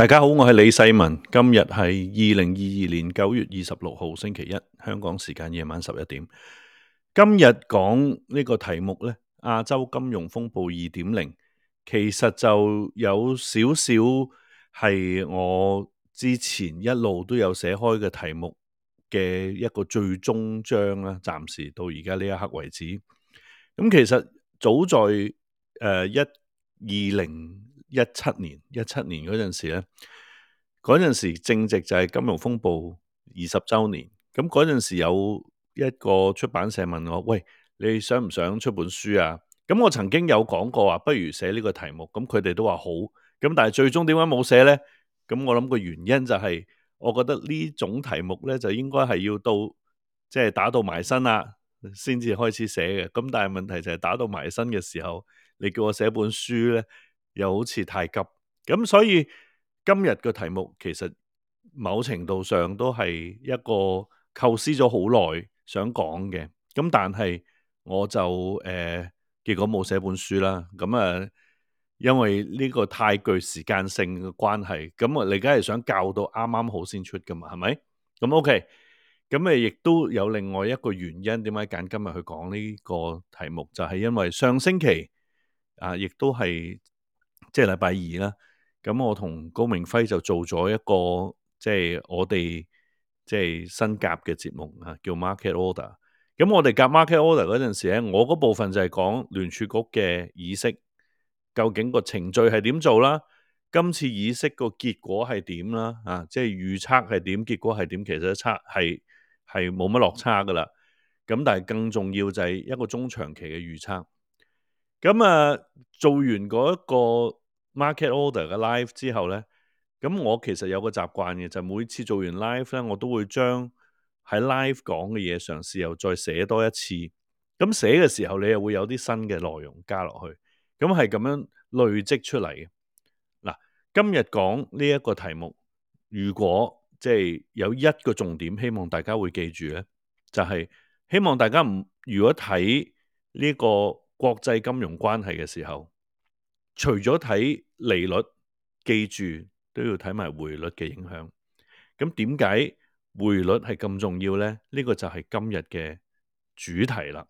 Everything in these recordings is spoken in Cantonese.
大家好，我係李世民。今日係二零二二年九月二十六號，星期一，香港時間夜晚十一點。今日講呢個題目呢，亞洲金融風暴二點零，其實就有少少係我之前一路都有寫開嘅題目嘅一個最終章啦。暫時到而家呢一刻為止，咁其實早在誒一二零。呃一七年，一七年嗰陣時咧，嗰陣時正值就係金融風暴二十周年。咁嗰陣時有一個出版社問我：喂，你想唔想出本書啊？咁我曾經有講過話，不如寫呢個題目。咁佢哋都話好。咁但係最終點解冇寫呢？咁我諗個原因就係，我覺得呢種題目咧，就應該係要到即係打到埋身啦，先至開始寫嘅。咁但係問題就係打到埋身嘅時候，你叫我寫本書咧。又好似太急，咁所以今日嘅題目其實某程度上都係一個構思咗好耐想講嘅，咁但係我就誒、呃、結果冇寫本書啦，咁啊因為呢個太具時間性嘅關係，咁我你梗係想教到啱啱好先出㗎嘛，係咪？咁 OK，咁啊亦都有另外一個原因，點解揀今日去講呢個題目？就係、是、因為上星期啊，亦都係。即係禮拜二啦，咁我同高明輝就做咗一個即係、就是、我哋即係新夾嘅節目啊，叫 Market Order。咁我哋夾 Market Order 嗰陣時咧，我嗰部分就係講聯儲局嘅議息，究竟個程序係點做啦？今次議息個結果係點啦？啊，即係預測係點，結果係點？其實一測係係冇乜落差噶啦。咁但係更重要就係一個中長期嘅預測。咁啊，做完嗰、那、一個。market order 嘅 live 之後呢，咁我其實有個習慣嘅，就是、每次做完 live 呢，我都會將喺 live 講嘅嘢嘗試又再寫多一次。咁寫嘅時候，你又會有啲新嘅內容加落去。咁係咁樣累積出嚟嘅。嗱，今日講呢一個題目，如果即係有一個重點，希望大家會記住呢就係、是、希望大家唔如果睇呢個國際金融關係嘅時候。除咗睇利率，記住都要睇埋匯率嘅影響。咁點解匯率係咁重要咧？呢個就係今日嘅主題啦。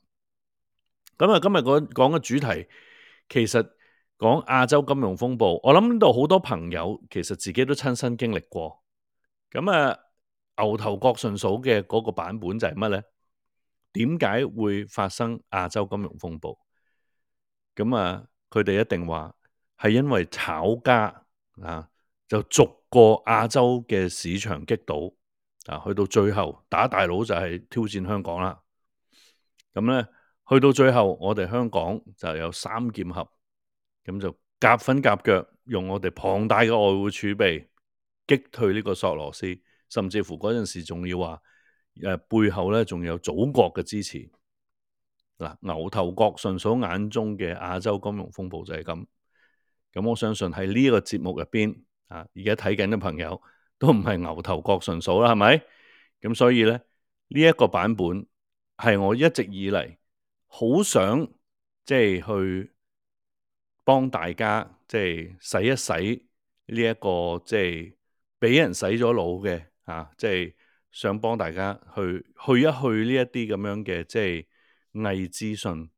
咁啊，今日講講嘅主題，其實講亞洲金融風暴。我諗到好多朋友其實自己都親身經歷過。咁啊，牛頭角順嫂嘅嗰個版本就係乜咧？點解會發生亞洲金融風暴？咁啊？佢哋一定話係因為炒家啊，就逐個亞洲嘅市場擊倒啊，去到最後打大佬就係挑戰香港啦。咁咧，去到最後，我哋香港就有三劍俠，咁就夾份夾腳用我哋龐大嘅外匯儲備擊退呢個索羅斯，甚至乎嗰陣時仲要話誒、啊、背後咧仲有祖國嘅支持。嗱，牛頭角順嫂眼中嘅亞洲金融風暴就係咁。咁我相信喺呢個節目入邊，啊，而家睇緊嘅朋友都唔係牛頭角順嫂啦，係咪？咁所以咧，呢、這、一個版本係我一直以嚟好想即係、就是、去幫大家，即、就、係、是、洗一洗呢、這、一個即係俾人洗咗腦嘅啊！即、就、係、是、想幫大家去去一去呢一啲咁樣嘅即係。就是偽資訊，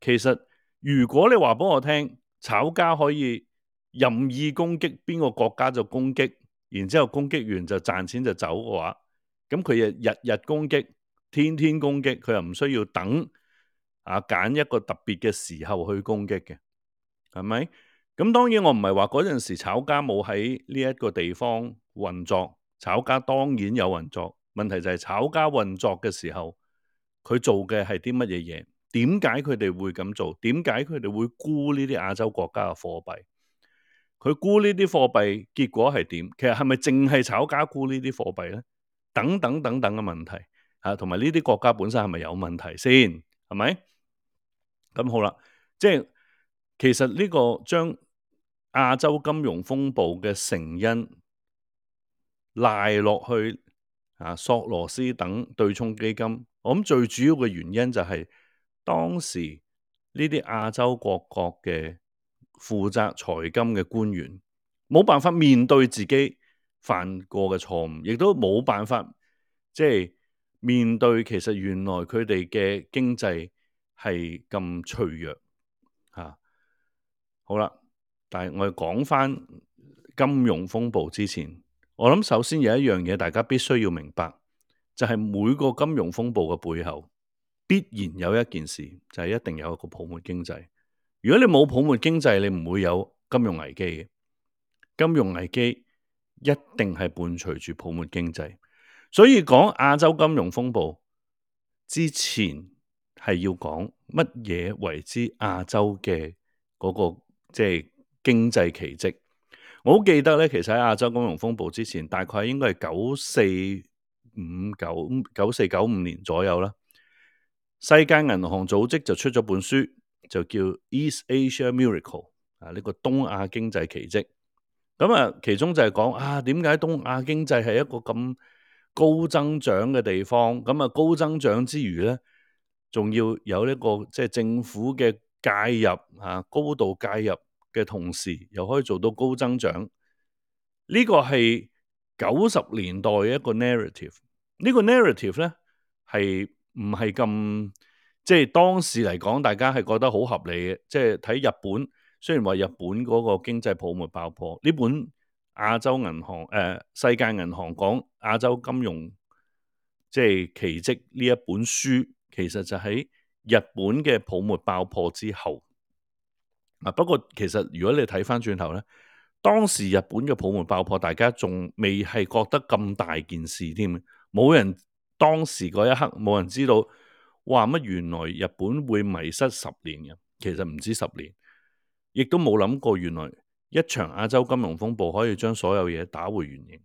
其實如果你話俾我聽，炒家可以任意攻擊邊個國家就攻擊，然之後攻擊完就賺錢就走嘅話，咁佢日日攻擊，天天攻擊，佢又唔需要等啊，揀一個特別嘅時候去攻擊嘅，係咪？咁當然我唔係話嗰陣時炒家冇喺呢一個地方運作，炒家當然有運作，問題就係炒家運作嘅時候。佢做嘅係啲乜嘢嘢？點解佢哋會咁做？點解佢哋會沽呢啲亞洲國家嘅貨幣？佢沽呢啲貨幣結果係點？其實係咪淨係炒家沽呢啲貨幣咧？等等等等嘅問題吓，同埋呢啲國家本身係咪有問題先？係咪？咁好啦，即係其實呢個將亞洲金融風暴嘅成因賴落去啊索羅斯等對沖基金。我諗最主要嘅原因就係當時呢啲亞洲各國嘅負責財經嘅官員冇辦法面對自己犯過嘅錯誤，亦都冇辦法即係面對其實原來佢哋嘅經濟係咁脆弱吓、啊。好啦，但係我哋講翻金融風暴之前，我諗首先有一樣嘢大家必須要明白。就係每個金融風暴嘅背後，必然有一件事，就係一定有一個泡沫經濟。如果你冇泡沫經濟，你唔會有金融危機。金融危機一定係伴隨住泡沫經濟。所以講亞洲金融風暴之前，係要講乜嘢為之亞洲嘅嗰個即係經濟奇蹟。我好記得咧，其實喺亞洲金融風暴之前，大概應該係九四五九九四九五年左右啦，世界銀行組織就出咗本書，就叫《East Asia Miracle》啊，呢、這個東亞經濟奇蹟。咁、嗯、啊，其中就係講啊，點解東亞經濟係一個咁高增長嘅地方？咁、嗯、啊，高增長之餘呢，仲要有一、這個即係、就是、政府嘅介入啊，高度介入嘅同時，又可以做到高增長。呢、這個係九十年代一個 narrative。呢個 narrative 咧，係唔係咁，即係當時嚟講，大家係覺得好合理嘅。即係睇日本，雖然話日本嗰個經濟泡沫爆破呢本亞洲銀行誒、呃、世界銀行講亞洲金融即係、就是、奇蹟呢一本書，其實就喺日本嘅泡沫爆破之後啊。不過其實如果你睇翻轉頭咧，當時日本嘅泡沫爆破，大家仲未係覺得咁大件事添。冇人當時嗰一刻，冇人知道，哇！乜原來日本會迷失十年嘅，其實唔止十年，亦都冇諗過，原來一場亞洲金融風暴可以將所有嘢打回原形。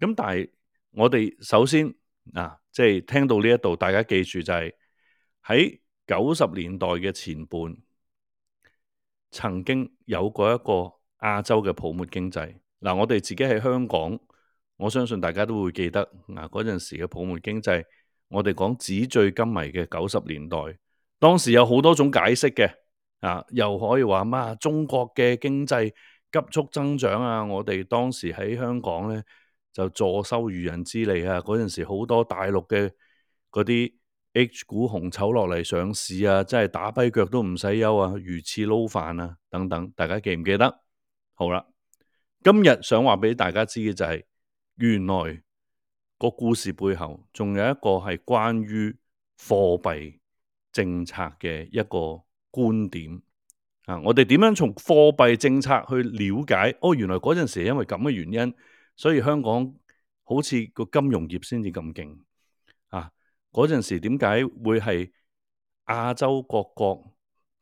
咁但係我哋首先嗱，即係聽到呢一度，大家記住就係喺九十年代嘅前半，曾經有過一個亞洲嘅泡沫經濟。嗱，我哋自己喺香港。我相信大家都會記得嗱，嗰陣時嘅泡沫經濟，我哋講紙醉金迷嘅九十年代，當時有好多種解釋嘅，啊，又可以話嘛，中國嘅經濟急速增長啊，我哋當時喺香港呢，就坐收漁人之利啊，嗰陣時好多大陸嘅嗰啲 H 股紅籌落嚟上市啊，真係打跛腳都唔使憂啊，魚翅撈飯啊等等，大家記唔記得？好啦，今日想話俾大家知嘅就係、是。原來個故事背後仲有一個係關於貨幣政策嘅一個觀點啊！我哋點樣從貨幣政策去了解？哦，原來嗰陣時係因為咁嘅原因，所以香港好似個金融業先至咁勁啊！嗰陣時點解會係亞洲各國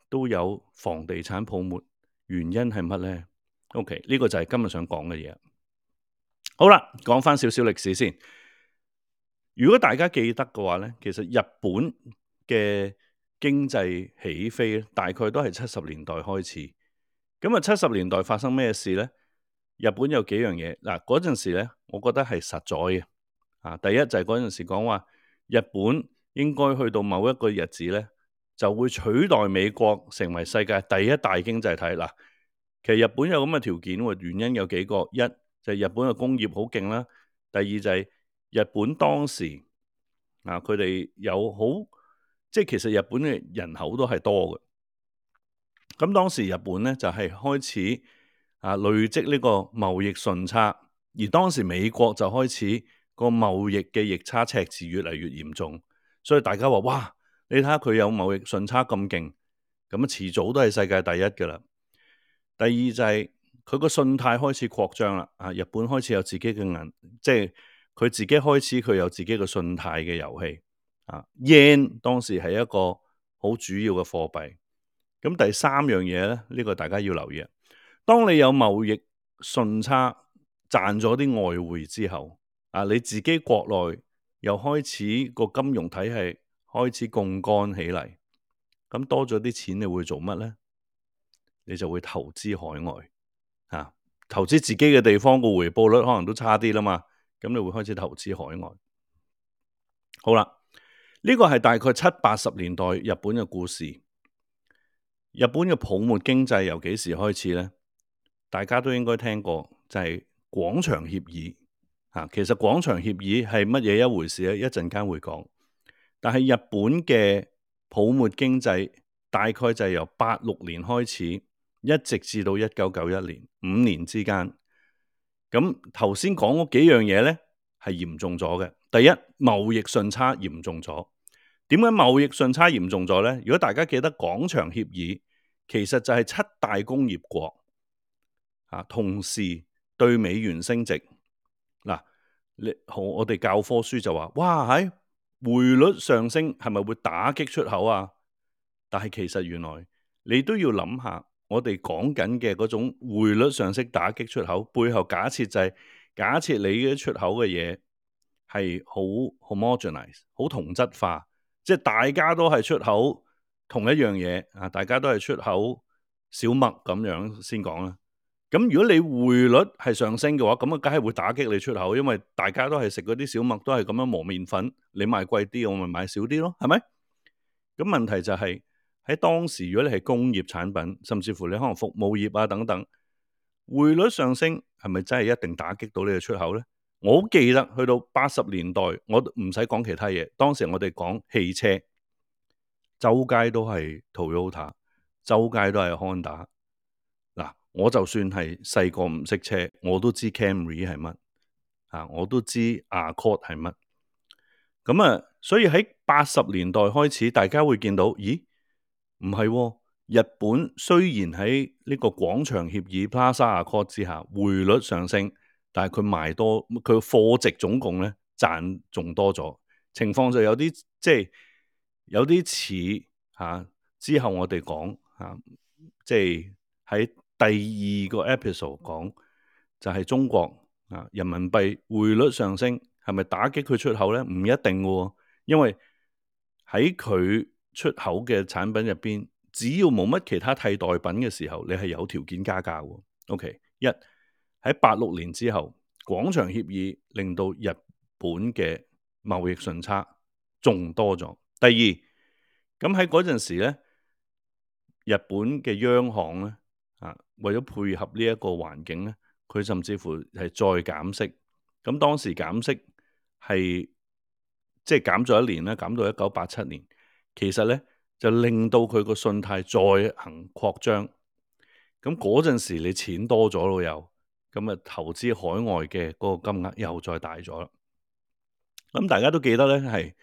都有房地產泡沫？原因係乜咧？OK，呢個就係今日想講嘅嘢。好啦，講翻少少歷史先。如果大家記得嘅話呢，其實日本嘅經濟起飛大概都係七十年代開始。咁啊，七十年代發生咩事呢？日本有幾樣嘢嗱，嗰陣時呢，我覺得係實在嘅啊。第一就係嗰陣時講話，日本應該去到某一個日子呢，就會取代美國成為世界第一大經濟體。嗱，啊，其實日本有咁嘅條件，原因有幾個一。就日本嘅工業好勁啦。第二就係日本當時啊，佢哋有好即係其實日本嘅人口都係多嘅。咁當時日本咧就係開始啊累積呢個貿易順差，而當時美國就開始個貿易嘅逆差赤字越嚟越嚴重，所以大家話哇，你睇下佢有貿易順差咁勁，咁啊遲早都係世界第一噶啦。第二就係。佢個信貸開始擴張啦，啊，日本開始有自己嘅銀，即係佢自己開始佢有自己嘅信貸嘅遊戲，啊，Yen 當時係一個好主要嘅貨幣。咁第三樣嘢咧，呢個大家要留意。當你有貿易順差賺咗啲外匯之後，啊，你自己國內又開始個金融體係開始槓桿起嚟，咁多咗啲錢，你會做乜咧？你就會投資海外。投資自己嘅地方個回報率可能都差啲啦嘛，咁你會開始投資海外。好啦，呢個係大概七八十年代日本嘅故事。日本嘅泡沫經濟由幾時開始呢？大家都應該聽過，就係廣場協議啊。其實廣場協議係乜嘢一回事咧？一陣間會講。但係日本嘅泡沫經濟大概就係由八六年開始。一直至到一九九一年，五年之間，咁頭先講嗰幾樣嘢呢係嚴重咗嘅。第一，貿易順差嚴重咗。點解貿易順差嚴重咗呢？如果大家記得廣場協議，其實就係七大工業國吓，啊，同時對美元升值。嗱，啊，你同我哋教科書就話：哇，喺匯率上升係咪會打擊出口啊？但係其實原來你都要諗下。我哋講緊嘅嗰種匯率上升打擊出口，背後假設就係假設你嘅出口嘅嘢係好 homogenise、好同質化，即係大家都係出口同一樣嘢啊！大家都係出口小麥咁樣先講啦。咁如果你匯率係上升嘅話，咁咪梗係會打擊你出口，因為大家都係食嗰啲小麥，都係咁樣磨麵粉，你賣貴啲，我咪買少啲咯，係咪？咁問題就係。喺當時，如果你係工業產品，甚至乎你可能服務業啊等等，匯率上升係咪真係一定打擊到你嘅出口咧？我記得去到八十年代，我唔使講其他嘢，當時我哋講汽車，周街都係 Toyota，周街都係 Honda。嗱，我就算係細個唔識車，我都知 Camry 係乜，啊，我都知 Accord 係乜。咁啊，所以喺八十年代開始，大家會見到，咦？唔係，哦，日本雖然喺呢個廣場協議 Plaza Accord 之下匯率上升，但係佢賣多佢貨值，總共呢，賺仲多咗。情況就有啲即係有啲似，啊，之後我哋講吓，即係喺第二個 episode 講就係、是、中國、啊、人民幣匯率上升係咪打擊佢出口呢？唔一定噶、哦，因為喺佢。出口嘅產品入邊，只要冇乜其他替代品嘅時候，你係有條件加價嘅。OK，一喺八六年之後，廣場協議令到日本嘅貿易順差仲多咗。第二咁喺嗰陣時咧，日本嘅央行咧啊，為咗配合呢一個環境咧，佢甚至乎係再減息。咁當時減息係即係減咗一年啦，減到一九八七年。其實咧就令到佢個信貸再行擴張，咁嗰陣時你錢多咗咯又，咁啊投資海外嘅嗰個金額又再大咗啦。咁大家都記得咧，係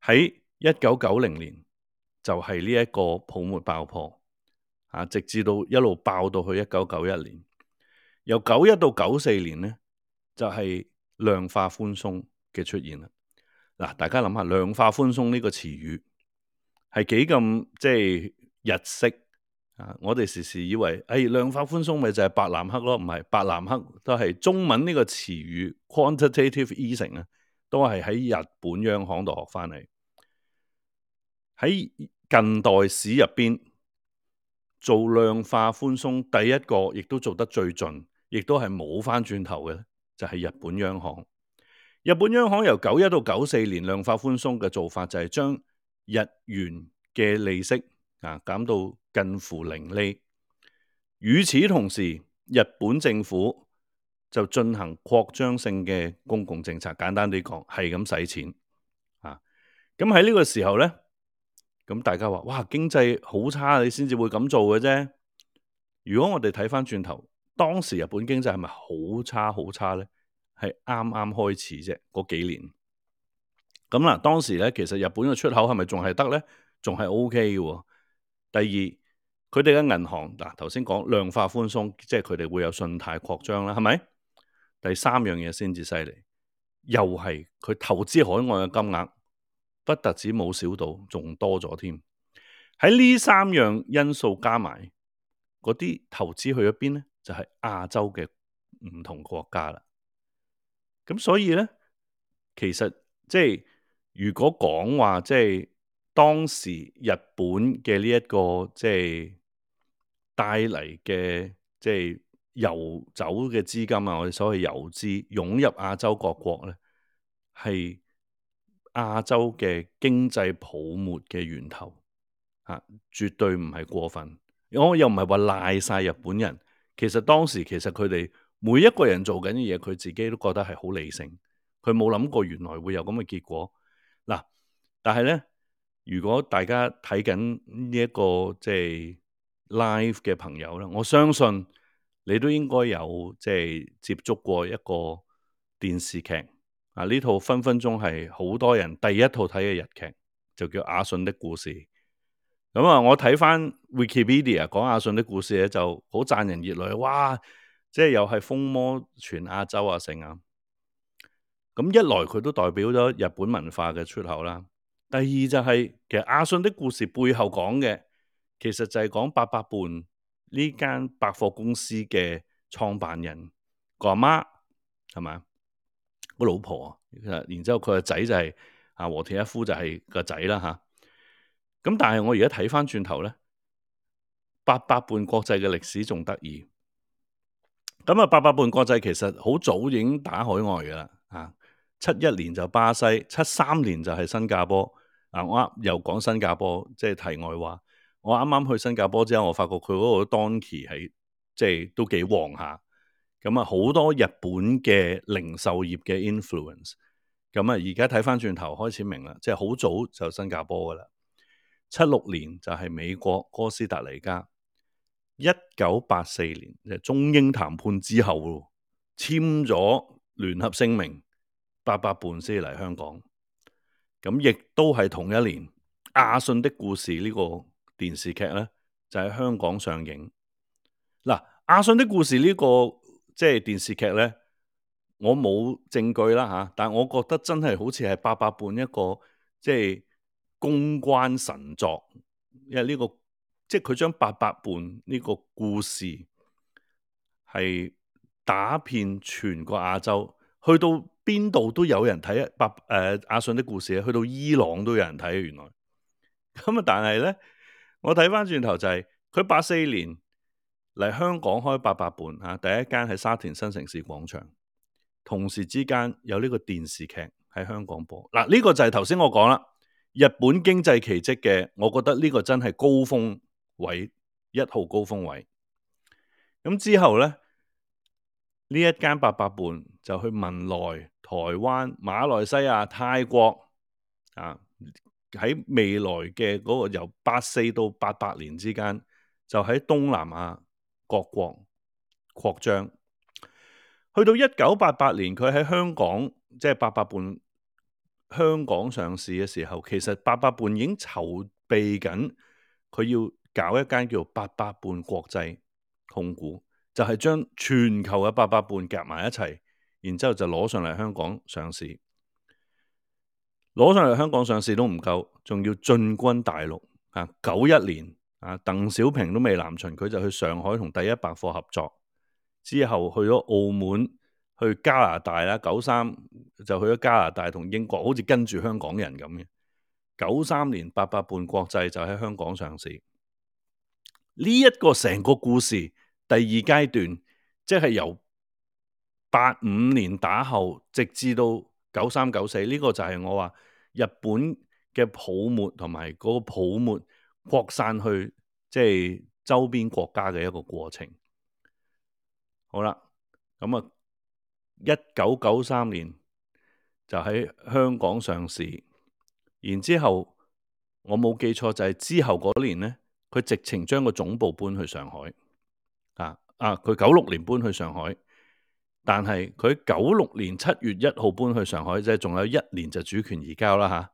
喺一九九零年就係呢一個泡沫爆破，啊直至到一路爆到去一九九一年。由九一到九四年咧就係、是、量化寬鬆嘅出現啦。嗱，大家諗下量化寬鬆呢個詞語。係幾咁即係日式啊！我哋時時以為，誒，量化寬鬆咪就係白藍黑咯，唔係白藍黑都係中文呢個詞語 quantitative easing 啊，e、asing, 都係喺日本央行度學翻嚟。喺近代史入邊做量化寬鬆，第一個亦都做得最盡，亦都係冇翻轉頭嘅，就係、是、日本央行。日本央行由九一到九四年量化寬鬆嘅做法就係將。日元嘅利息啊，減到近乎零利。與此同時，日本政府就進行擴張性嘅公共政策，簡單地講係咁使錢啊。咁喺呢個時候咧，咁大家話：哇，經濟好差，你先至會咁做嘅啫。如果我哋睇翻轉頭，當時日本經濟係咪好差好差咧？係啱啱開始啫，嗰幾年。咁啦、啊，當時咧，其實日本嘅出口係咪仲係得咧？仲係 O K 嘅。第二，佢哋嘅銀行嗱頭先講量化寬鬆，即係佢哋會有信貸擴張啦，係咪？第三樣嘢先至犀利，又係佢投資海外嘅金額，不但止冇少到，仲多咗添。喺呢三樣因素加埋，嗰啲投資去咗邊咧？就係、是、亞洲嘅唔同國家啦。咁所以咧，其實即係。如果講話即係當時日本嘅呢一個即係帶嚟嘅即係遊走嘅資金啊，我哋所謂遊資湧入亞洲各國咧，係亞洲嘅經濟泡沫嘅源頭啊，絕對唔係過分。我又唔係話賴晒日本人。其實當時其實佢哋每一個人做緊嘅嘢，佢自己都覺得係好理性，佢冇諗過原來會有咁嘅結果。嗱，但係咧，如果大家睇緊呢一個即係 live 嘅朋友啦，我相信你都應該有即係接觸過一個電視劇啊，呢套分分鐘係好多人第一套睇嘅日劇，就叫《阿信的故事》。咁啊，我睇翻 Wikipedia 講《阿信的故事》咧，就好讚人熱淚，哇！即係又係風魔全亞洲啊，成啊！咁一來佢都代表咗日本文化嘅出口啦。第二就係、是、其實阿信的故事背後講嘅，其實就係講八佰伴呢間百貨公司嘅創辦人個阿媽係嘛，個老婆、啊、然之後佢個仔就係、是啊、和田一夫就係個仔啦。咁但係我而家睇返轉頭咧，八佰伴國際嘅歷史仲得意。咁啊，八佰伴國際其實好早已經打海外噶啦、啊七一年就巴西，七三年就係新加坡。嗱、啊，我啱又講新加坡，即係題外話。我啱啱去新加坡之後，我發覺佢嗰個 Donkey 係即都幾旺下。咁好多日本嘅零售業嘅 influence。咁啊，而家睇翻轉頭開始明啦，即好早就新加坡㗎啦。七六年就係美國哥斯達黎加。一九八四年，即中英談判之後了，簽咗聯合聲明。八百伴先嚟香港，咁亦都係同一年，亞信的故事呢、個電視劇咧就喺香港上映。嗱、啊，亞信的故事呢、個即係電視劇咧，我冇證據啦吓、啊，但係我覺得真係好似係八百伴一個即係公關神作，因為呢、個即係佢將八百伴呢個故事係打遍全個亞洲，去到。邊度都有人睇《八、啊、誒阿信的故事》去到伊朗都有人睇，原來咁啊！但係呢，我睇翻轉頭就係佢八四年嚟香港開八佰伴。啊，第一間喺沙田新城市廣場，同時之間有呢個電視劇喺香港播嗱，呢、啊這個就係頭先我講啦，日本經濟奇蹟嘅，我覺得呢個真係高峰位，一號高峰位。咁、啊、之後呢，呢一間八佰伴就去文萊。台灣、馬來西亞、泰國啊，喺未來嘅嗰、那個由八四到八八年之間，就喺東南亞各國擴張。去到一九八八年，佢喺香港即係八佰伴香港上市嘅時候，其實八佰伴已經籌備緊，佢要搞一間叫八佰伴國際控股，就係、是、將全球嘅八佰伴夾埋一齊。然之後就攞上嚟香港上市，攞上嚟香港上市都唔夠，仲要進軍大陸啊！九一年啊，鄧小平都未南巡，佢就去上海同第一百貨合作，之後去咗澳門、去加拿大啦。九三就去咗加拿大同英國，好似跟住香港人咁嘅。九三年八佰伴國際就喺香港上市，呢一個成個故事，第二階段即係由。八五年打後，直至到九三九四，呢個就係我話日本嘅泡沫同埋嗰個泡沫擴散去即係、就是、周邊國家嘅一個過程。好啦，咁啊，一九九三年就喺香港上市，然之後、就是、之後我冇記錯就係之後嗰年呢，佢直情將個總部搬去上海。啊啊，佢九六年搬去上海。但係佢九六年七月一號搬去上海即係，仲有一年就主權移交啦吓，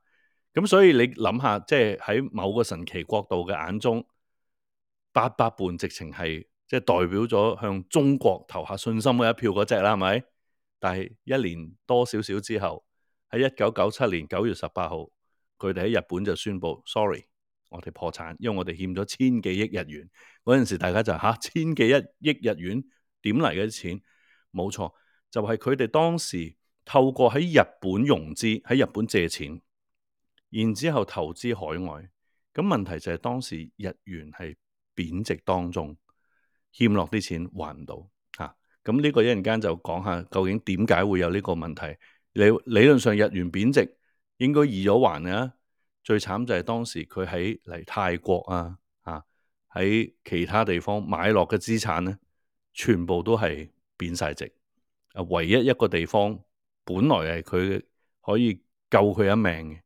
咁、啊、所以你諗下，即係喺某個神奇國度嘅眼中，八佰伴直情係即係代表咗向中國投下信心嘅一票嗰隻啦，係咪？但係一年多少少之後，喺一九九七年九月十八號，佢哋喺日本就宣布 sorry，我哋破產，因為我哋欠咗千幾億日元嗰陣時，大家就吓、啊，千幾億日元點嚟嘅啲錢？冇錯，就係佢哋當時透過喺日本融資，喺日本借錢，然之後投資海外。咁問題就係當時日元係貶值當中，欠落啲錢還唔到嚇。咁、啊、呢個一陣間就講下究竟點解會有呢個問題。理理論上日元貶值應該易咗還啊。最慘就係當時佢喺嚟泰國啊，嚇、啊、喺其他地方買落嘅資產咧，全部都係。變曬值，啊！唯一一個地方本來係佢可以救佢一命嘅，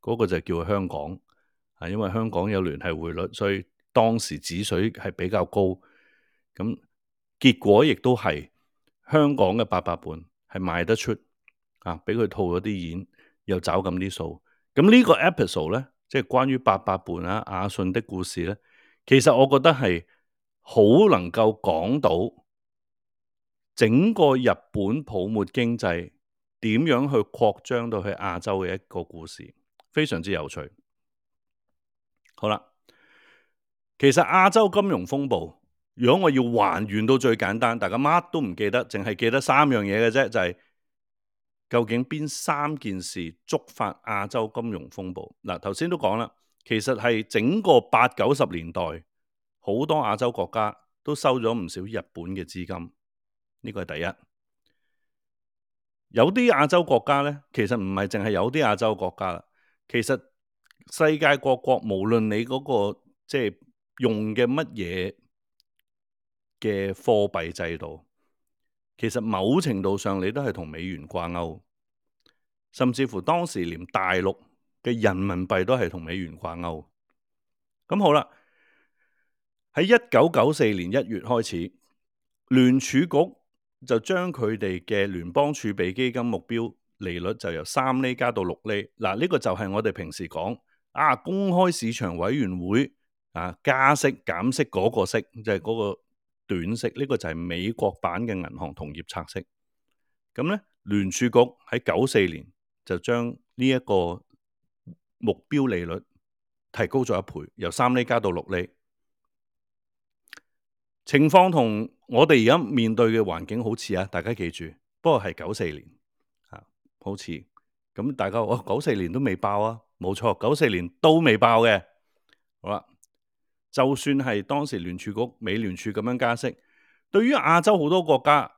嗰、嗰個就叫香港，啊！因為香港有聯繫匯率，所以當時指水係比較高，咁結果亦都係香港嘅八百伴係賣得出，啊！俾佢套咗啲錢，又找咁啲數，咁呢個 episode 咧，即係關於八百伴啊阿信的故事咧，其實我覺得係好能夠講到。整個日本泡沫經濟點樣去擴張到去亞洲嘅一個故事，非常之有趣。好啦，其實亞洲金融風暴，如果我要還原到最簡單，大家乜都唔記得，淨係記得三樣嘢嘅啫，就係、是、究竟邊三件事觸發亞洲金融風暴。嗱，頭先都講啦，其實係整個八九十年代，好多亞洲國家都收咗唔少日本嘅資金。呢個係第一，有啲亞洲國家咧，其實唔係淨係有啲亞洲國家啦，其實世界各國無論你嗰個即係用嘅乜嘢嘅貨幣制度，其實某程度上你都係同美元掛鈎，甚至乎當時連大陸嘅人民幣都係同美元掛鈎。咁好啦，喺一九九四年一月開始，聯儲局。就將佢哋嘅聯邦儲備基金目標利率就由三厘加到六厘，嗱，呢個就係我哋平時講啊公開市場委員會啊加息減息嗰個息，即係嗰個短息，呢個就係美國版嘅銀行同業拆息。咁咧聯儲局喺九四年就將呢一個目標利率提高咗一倍，由三厘加到六厘。情況同我哋而家面對嘅環境好似啊，大家記住，不過係九四年啊，好似咁大家哦九四年都未爆啊，冇錯，九四年都未爆嘅。好啦，就算係當時聯儲局、美聯儲咁樣加息，對於亞洲好多國家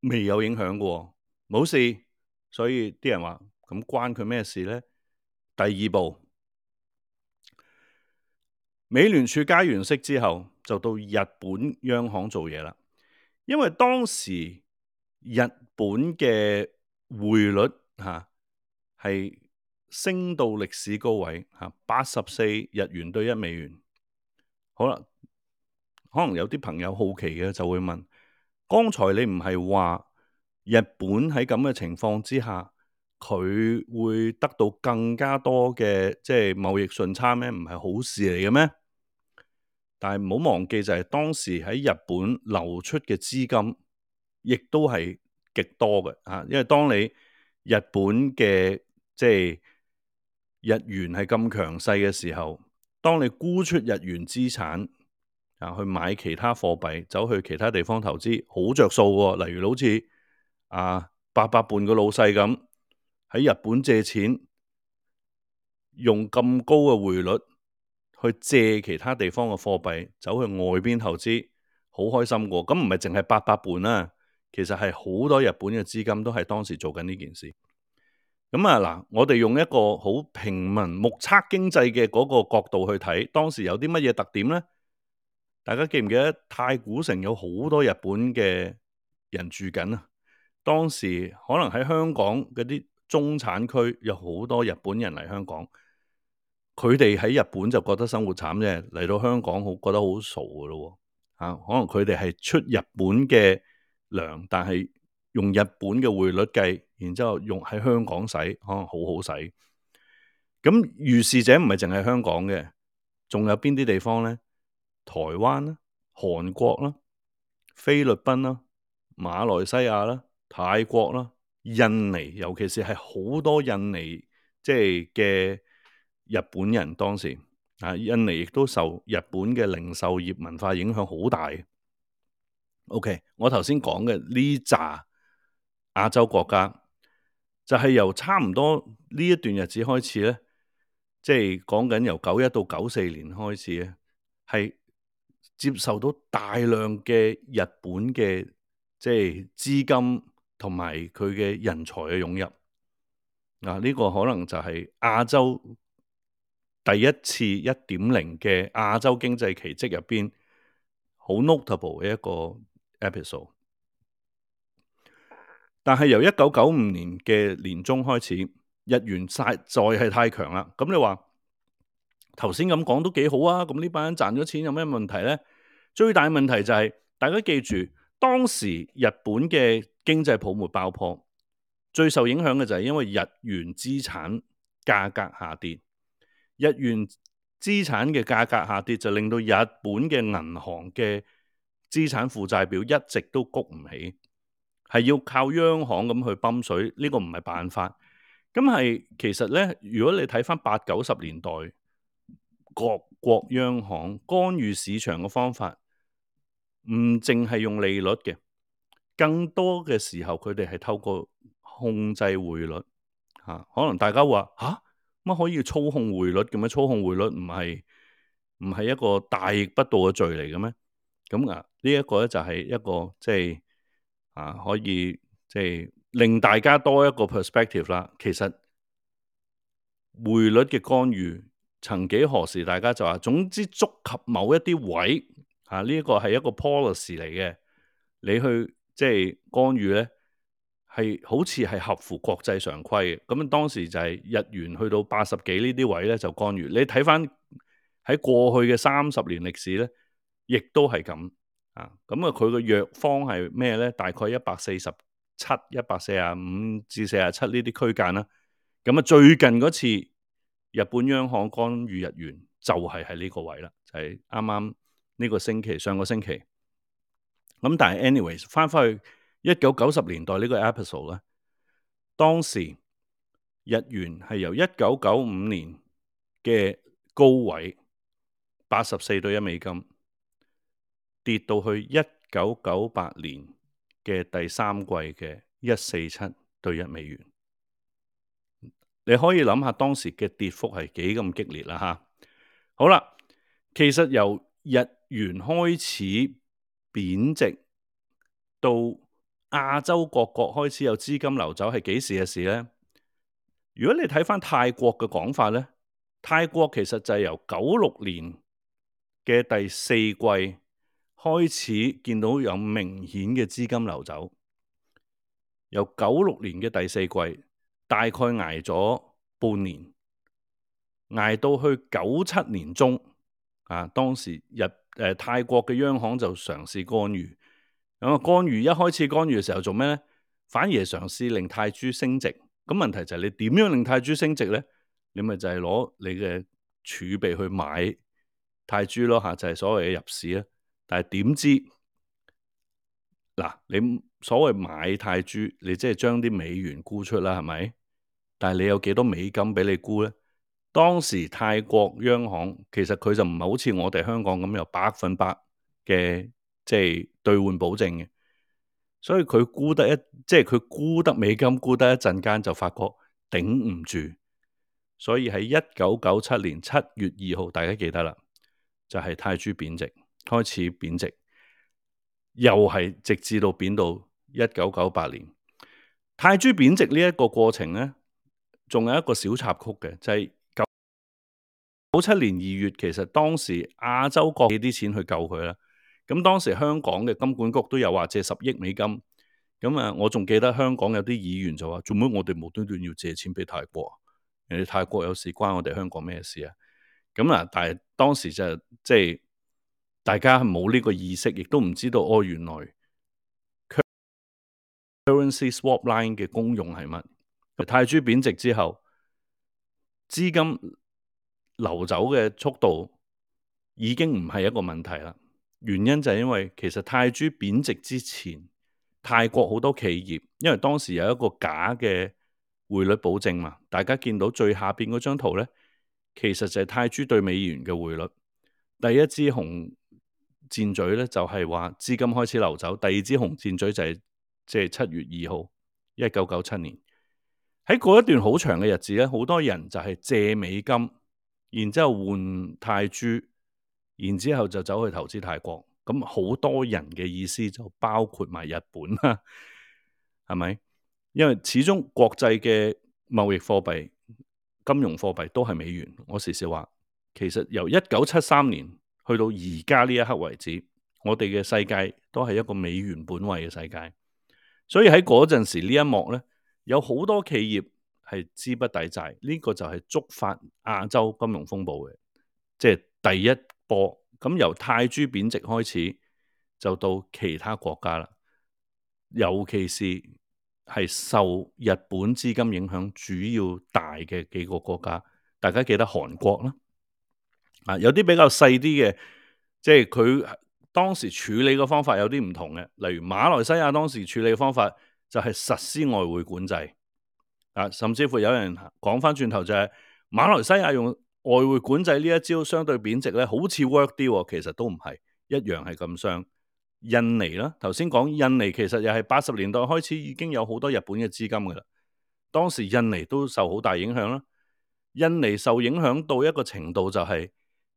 未有影響嘅，冇事。所以啲人話：咁關佢咩事咧？第二步，美聯儲加完息之後。就到日本央行做嘢啦，因為當時日本嘅匯率吓係、啊、升到歷史高位吓，八十四日元對一美元。好啦，可能有啲朋友好奇嘅就會問，剛才你唔係話日本喺咁嘅情況之下，佢會得到更加多嘅即係貿易順差咩？唔係好事嚟嘅咩？但係唔好忘記，就係當時喺日本流出嘅資金，亦都係極多嘅吓。因為當你日本嘅即係日元係咁強勢嘅時候，當你沽出日元資產啊，去買其他貨幣，走去其他地方投資，好着數喎。例如好似啊八百半個老細咁，喺日本借錢，用咁高嘅匯率。去借其他地方嘅貨幣走去外邊投資，好開心嘅。咁唔係淨係八佰伴啦，其實係好多日本嘅資金都係當時做緊呢件事。咁啊嗱，我哋用一個好平民目測經濟嘅嗰個角度去睇，當時有啲乜嘢特點呢？大家記唔記得太古城有好多日本嘅人住緊啊？當時可能喺香港嗰啲中產區有好多日本人嚟香港。佢哋喺日本就覺得生活慘啫，嚟到香港好覺得好傻噶咯，啊，啊，可能佢哋係出日本嘅糧，但係用日本嘅匯率計，然之後用喺香港使，可能好好使。咁如是者唔係淨係香港嘅，仲有邊啲地方咧？台灣啦、啊、韓國啦、啊、菲律賓啦、啊、馬來西亞啦、啊、泰國啦、啊、印尼，尤其是係好多印尼即係嘅。日本人當時啊，印尼亦都受日本嘅零售業文化影響好大。OK，我頭先講嘅呢紮亞洲國家，就係、是、由差唔多呢一段日子開始咧，即係講緊由九一到九四年開始咧，係接受到大量嘅日本嘅即係資金同埋佢嘅人才嘅湧入。嗱，呢個可能就係亞洲。第一次一點零嘅亞洲經濟奇蹟入邊，好 notable 嘅一個 episode。但係由一九九五年嘅年中開始，日元實在係太強啦。咁你話頭先咁講都幾好啊。咁呢班人賺咗錢有咩問題呢？最大問題就係、是、大家記住，當時日本嘅經濟泡沫爆破，最受影響嘅就係因為日元資產價格下跌。日元資產嘅價格下跌就令到日本嘅銀行嘅資產負債表一直都谷唔起，係要靠央行咁去泵水，呢個唔係辦法。咁係其實咧，如果你睇返八九十年代各國央行干預市場嘅方法，唔淨係用利率嘅，更多嘅時候佢哋係透過控制匯率。啊，可能大家話嚇？啊乜可以操控匯率嘅咩？操控匯率唔係唔係一個大逆不道嘅罪嚟嘅咩？咁啊，呢、這個、一個咧就係一個即係啊，可以即係、就是、令大家多一個 perspective 啦。其實匯率嘅干預曾幾何時，大家就話總之觸及某一啲位啊，呢、這個、一個係一個 policy 嚟嘅，你去即係、就是、干預咧。係好似係合乎國際常規嘅，咁當時就係日元去到八十幾呢啲位咧就干預。你睇翻喺過去嘅三十年歷史咧，亦都係咁啊。咁、嗯、啊，佢嘅藥方係咩咧？大概一百四十七、一百四十五至四十七呢啲區間啦。咁、嗯、啊、嗯，最近嗰次日本央行干預日元就係喺呢個位啦，就係啱啱呢個星期、上個星期。咁但係，anyways 翻返去。一九九十年代呢個 episode 咧，當時日元係由一九九五年嘅高位八十四對一美金，跌到去一九九八年嘅第三季嘅一四七對一美元。你可以諗下當時嘅跌幅係幾咁激烈啦吓。好啦，其實由日元開始貶值到。亞洲各國開始有資金流走係幾時嘅事呢？如果你睇返泰國嘅講法呢，泰國其實就係由九六年嘅第四季開始見到有明顯嘅資金流走，由九六年嘅第四季大概捱咗半年，捱到去九七年中啊，當時日誒、呃、泰國嘅央行就嘗試干預。咁啊，干預一開始，干預嘅時候做咩咧？反而係嘗試令泰銖升值。咁問題就係你點樣令泰銖升值咧？你咪就係攞你嘅儲備去買泰銖咯嚇，就係所謂嘅入市啦。但係點知嗱？你所謂買泰銖，你即係將啲美元沽出啦，係咪？但係你有幾多美金俾你沽咧？當時泰國央行其實佢就唔係好似我哋香港咁，有百分百嘅。即係兌換保證嘅，所以佢沽得一，即係佢沽得美金沽得一陣間就發覺頂唔住，所以喺一九九七年七月二號，大家記得啦，就係、是、泰銖貶值，開始貶值，又係直至到貶到一九九八年。泰銖貶值呢一個過程呢，仲有一個小插曲嘅，就係九七年二月，其實當時亞洲國借啲錢去救佢啦。咁當時香港嘅金管局都有話借十億美金，咁啊，我仲記得香港有啲議員就話：做乜我哋無端端要借錢俾泰國？人哋泰國有事關我哋香港咩事啊？咁啊，但係當時就即係大家冇呢個意識，亦都唔知道哦。原來 currency swap line 嘅功用係乜。泰銖貶值之後，資金流走嘅速度已經唔係一個問題啦。原因就係因為其實泰珠貶值之前，泰國好多企業，因為當時有一個假嘅匯率保證嘛。大家見到最下邊嗰張圖咧，其實就係泰珠對美元嘅匯率。第一支紅箭嘴呢，就係話資金開始流走；第二支紅箭嘴就係即係七月二號一九九七年喺嗰一段好長嘅日子呢，好多人就係借美金，然之後換泰珠。然之後就走去投資泰國，咁好多人嘅意思就包括埋日本啦，係咪？因為始終國際嘅貿易貨幣、金融貨幣都係美元。我時時話，其實由一九七三年去到而家呢一刻為止，我哋嘅世界都係一個美元本位嘅世界。所以喺嗰陣時呢一幕呢，有好多企業係資不抵債，呢、呢個就係觸發亞洲金融風暴嘅，即係第一。咁由泰銖貶值開始，就到其他國家啦，尤其是係受日本資金影響主要大嘅幾個國家，大家記得韓國啦，啊有啲比較細啲嘅，即係佢當時處理嘅方法有啲唔同嘅，例如馬來西亞當時處理嘅方法就係實施外匯管制，啊甚至乎有人講返轉頭就係、是、馬來西亞用。外匯管制呢一招相對貶值咧，好似 work 啲喎、哦，其實都唔係，一樣係咁傷。印尼啦，頭先講印尼其實又係八十年代開始已經有好多日本嘅資金㗎喇，當時印尼都受好大影響啦。印尼受影響到一個程度就係、是、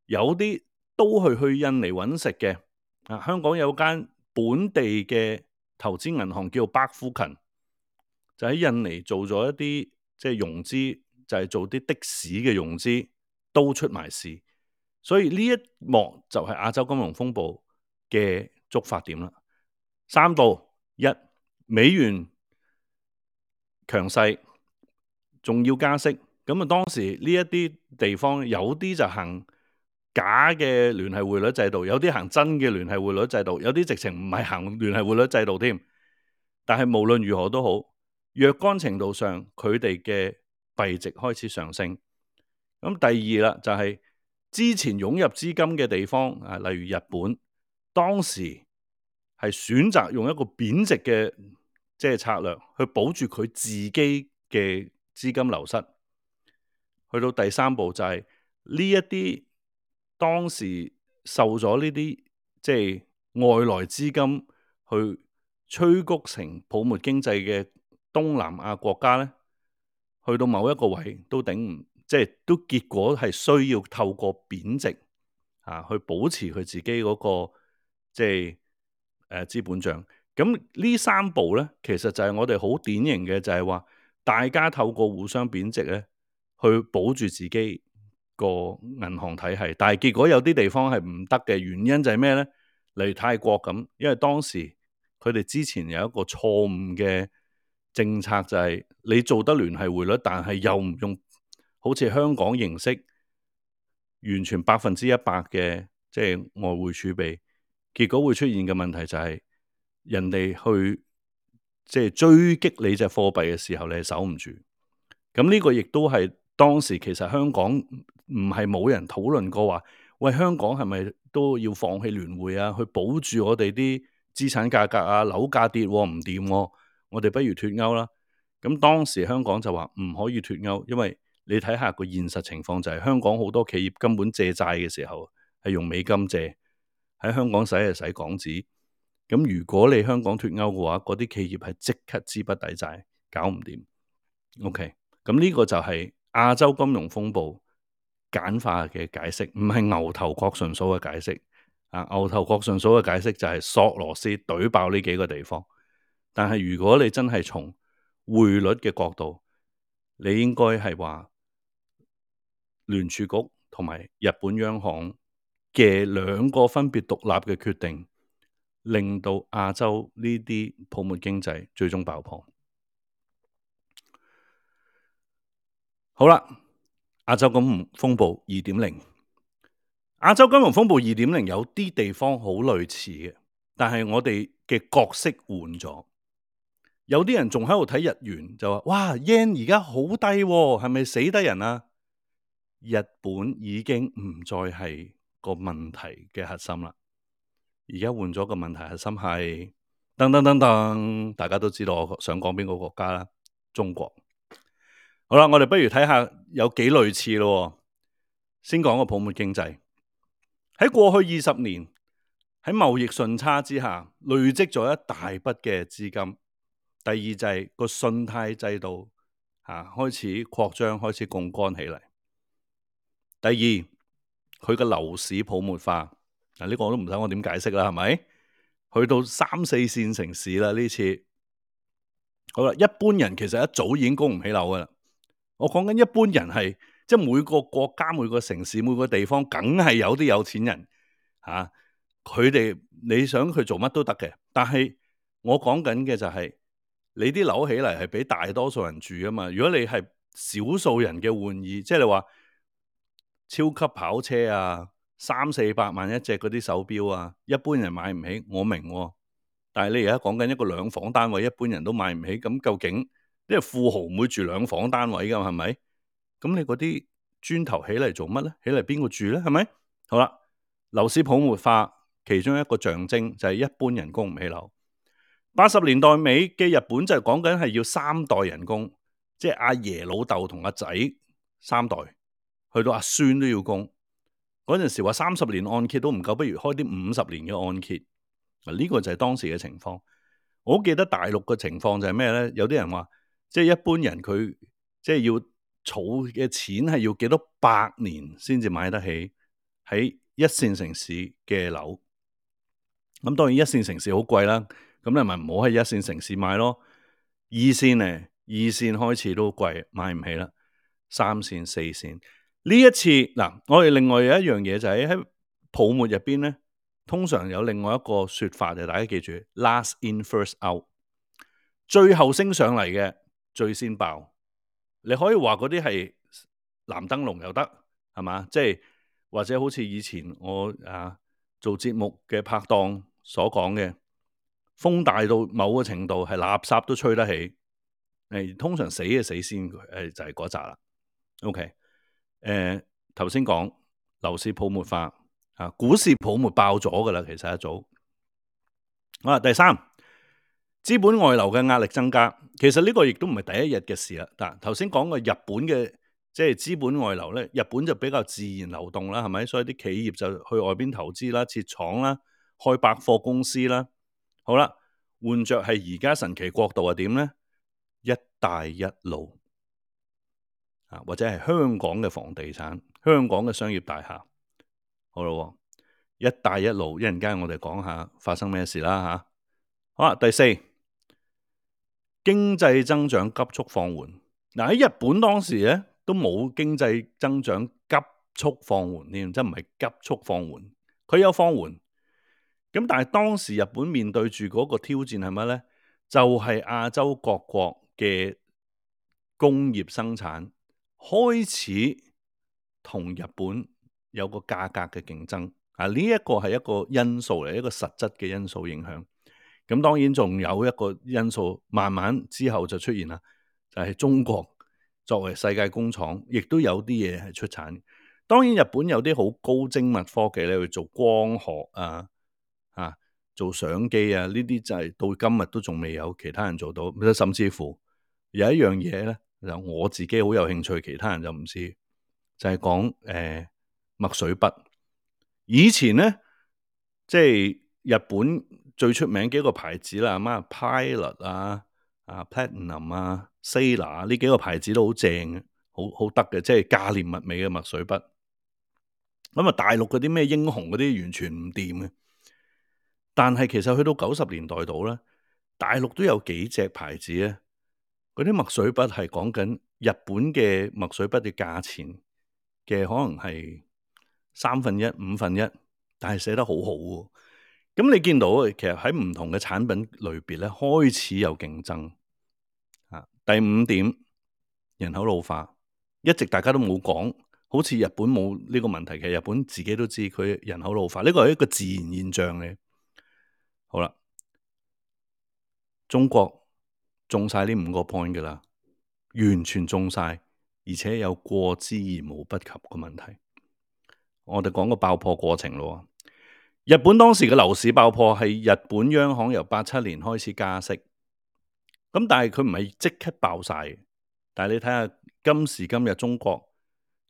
有啲都係去印尼搵食嘅。啊，香港有間本地嘅投資銀行叫百富勤，就喺印尼做咗一啲即係融資，就係、是、做啲的士嘅融資。都出埋事，所以呢一幕就係亞洲金融風暴嘅觸發點啦。三度一美元強勢，仲要加息，咁啊當時呢一啲地方有啲就行假嘅聯繫匯率制度，有啲行真嘅聯繫匯率制度，有啲直情唔係行聯繫匯率制度添。但係無論如何都好，若干程度上佢哋嘅幣值開始上升。咁第二啦，就係、是、之前湧入資金嘅地方啊，例如日本，當時係選擇用一個貶值嘅即係策略去保住佢自己嘅資金流失。去到第三步就係、是、呢一啲當時受咗呢啲即係外來資金去催谷成泡沫經濟嘅東南亞國家咧，去到某一個位都頂唔。即係都結果係需要透過貶值嚇、啊、去保持佢自己嗰、那個即係誒、啊、資本帳。咁呢三步咧，其實就係我哋好典型嘅，就係話大家透過互相貶值咧，去保住自己個銀行體系。但係結果有啲地方係唔得嘅，原因就係咩咧？嚟泰國咁，因為當時佢哋之前有一個錯誤嘅政策，就係你做得聯繫匯率，但係又唔用。好似香港形式完全百分之一百嘅，即係外匯儲備，結果會出現嘅問題就係人哋去即係追擊你隻貨幣嘅時候，你係守唔住。咁呢個亦都係當時其實香港唔係冇人討論過話，喂香港係咪都要放棄聯匯啊？去保住我哋啲資產價格啊，樓價跌唔掂，我哋不如脫歐啦。咁當時香港就話唔可以脫歐，因為你睇下個現實情況就係、是、香港好多企業根本借債嘅時候係用美金借，喺香港使就使港紙，咁如果你香港脫歐嘅話，嗰啲企業係即刻資不抵債，搞唔掂。OK，咁呢個就係亞洲金融風暴簡化嘅解釋，唔係牛頭角順嫂嘅解釋。啊，牛頭角順嫂嘅解釋就係索羅斯懟爆呢幾個地方。但係如果你真係從匯率嘅角度，你應該係話。聯儲局同埋日本央行嘅兩個分別獨立嘅決定，令到亞洲呢啲泡沫經濟最終爆破。好啦，亞洲金融風暴二點零，亞洲金融風暴二點零有啲地方好類似嘅，但係我哋嘅角色換咗。有啲人仲喺度睇日元，就話：哇，yen 而家好低喎，係咪死得人啊？日本已經唔再係個問題嘅核心啦，而家換咗個問題核心係，噔噔噔噔，大家都知道我想講邊個國家啦，中國。好啦，我哋不如睇下有幾類似咯。先講個泡沫經濟，喺過去二十年，喺貿易順差之下累積咗一大筆嘅資金。第二就係、是、個信貸制度啊開始擴張，開始槓桿起嚟。第二，佢嘅樓市泡沫化，嗱、這、呢個我都唔使我點解釋啦，係咪？去到三四線城市啦，呢次。好啦，一般人其實一早已經供唔起樓噶啦。我講緊一般人係，即係每個國家、每個城市、每個地方，梗係有啲有錢人吓，佢、啊、哋你想佢做乜都得嘅。但係我講緊嘅就係、是，你啲樓起嚟係俾大多數人住啊嘛。如果你係少數人嘅玩意，即係你話。超級跑車啊，三四百萬一隻嗰啲手表啊，一般人買唔起，我明，哦。但係你而家講緊一個兩房單位，一般人都買唔起。咁究竟，因為富豪唔會住兩房單位噶，係咪？咁你嗰啲磚頭起嚟做乜咧？起嚟邊個住咧？係咪？好啦，樓市泡沫化，其中一個象徵就係一般人工唔起樓。八十年代尾嘅日本就係講緊係要三代人工，即係阿爺老豆同阿仔三代。去到阿孫都要供，嗰陣時話三十年按揭都唔夠，不如開啲五十年嘅按揭。啊，呢個就係當時嘅情況。我好記得大陸嘅情況就係咩咧？有啲人話，即係一般人佢即係要儲嘅錢係要幾多百年先至買得起喺一線城市嘅樓。咁當然一線城市好貴啦，咁你咪唔好喺一線城市買咯。二線咧，二線開始都貴，買唔起啦。三線、四線。呢一次嗱，我哋另外有一樣嘢就係喺泡沫入邊咧，通常有另外一個說法就大家記住，last in first out，最後升上嚟嘅最先爆。你可以話嗰啲係藍燈籠又得，係嘛？即係或者好似以前我啊做節目嘅拍檔所講嘅，風大到某個程度係垃圾都吹得起。誒，通常死嘅死先，誒就係嗰集啦。OK。誒，頭先講樓市泡沫化，啊，股市泡沫爆咗噶啦，其實一早。啊，第三，資本外流嘅壓力增加，其實呢個亦都唔係第一日嘅事啦。嗱，頭先講過日本嘅，即係資本外流咧，日本就比較自然流動啦，係咪？所以啲企業就去外邊投資啦、設廠啦、開百貨公司啦。好啦，換着係而家神奇國度係點咧？一帶一路。啊，或者係香港嘅房地產，香港嘅商業大廈，好啦，哦，一帶一路一陣間我哋講下發生咩事啦，吓。好，啊，啦，第四，經濟增長急速放緩。嗱，啊、喺日本當時咧都冇經濟增長急速放緩，添即係唔係急速放緩，佢有放緩。咁但係當時日本面對住嗰個挑戰係乜咧？就係、是、亞洲各國嘅工業生產。開始同日本有個價格嘅競爭啊！呢、這、一個係一個因素嚟，一個實質嘅因素影響。咁、嗯、當然仲有一個因素，慢慢之後就出現啦，就係、是、中國作為世界工廠，亦都有啲嘢係出產。當然日本有啲好高精密科技咧，去做光學啊、啊做相機啊，呢啲就係、是、到今日都仲未有其他人做到。甚至乎有一樣嘢咧。就我自己好有興趣，其他人就唔知。就係講誒墨水筆，以前咧即係日本最出名幾個牌子啦，乜、啊、Pilot 啊、啊 Platinum 啊、Sailor 呢、啊、幾個牌子都好正嘅，好好得嘅，即係價廉物美嘅墨水筆。咁啊，大陸嗰啲咩英雄嗰啲完全唔掂嘅。但係其實去到九十年代度咧，大陸都有幾隻牌子咧。嗰啲墨水筆係講緊日本嘅墨水筆嘅價錢嘅，可能係三分一、五分一，但係寫得好好。咁你見到其實喺唔同嘅產品類別咧，開始有競爭。啊，第五點，人口老化一直大家都冇講，好似日本冇呢個問題，其實日本自己都知佢人口老化，呢個係一個自然現象嚟。好啦，中國。中晒呢五個 point 噶啦，完全中晒，而且有過之而無不及嘅問題。我哋講個爆破過程咯。日本當時嘅樓市爆破係日本央行由八七年開始加息，咁但係佢唔係即刻爆晒。但係你睇下今時今日中國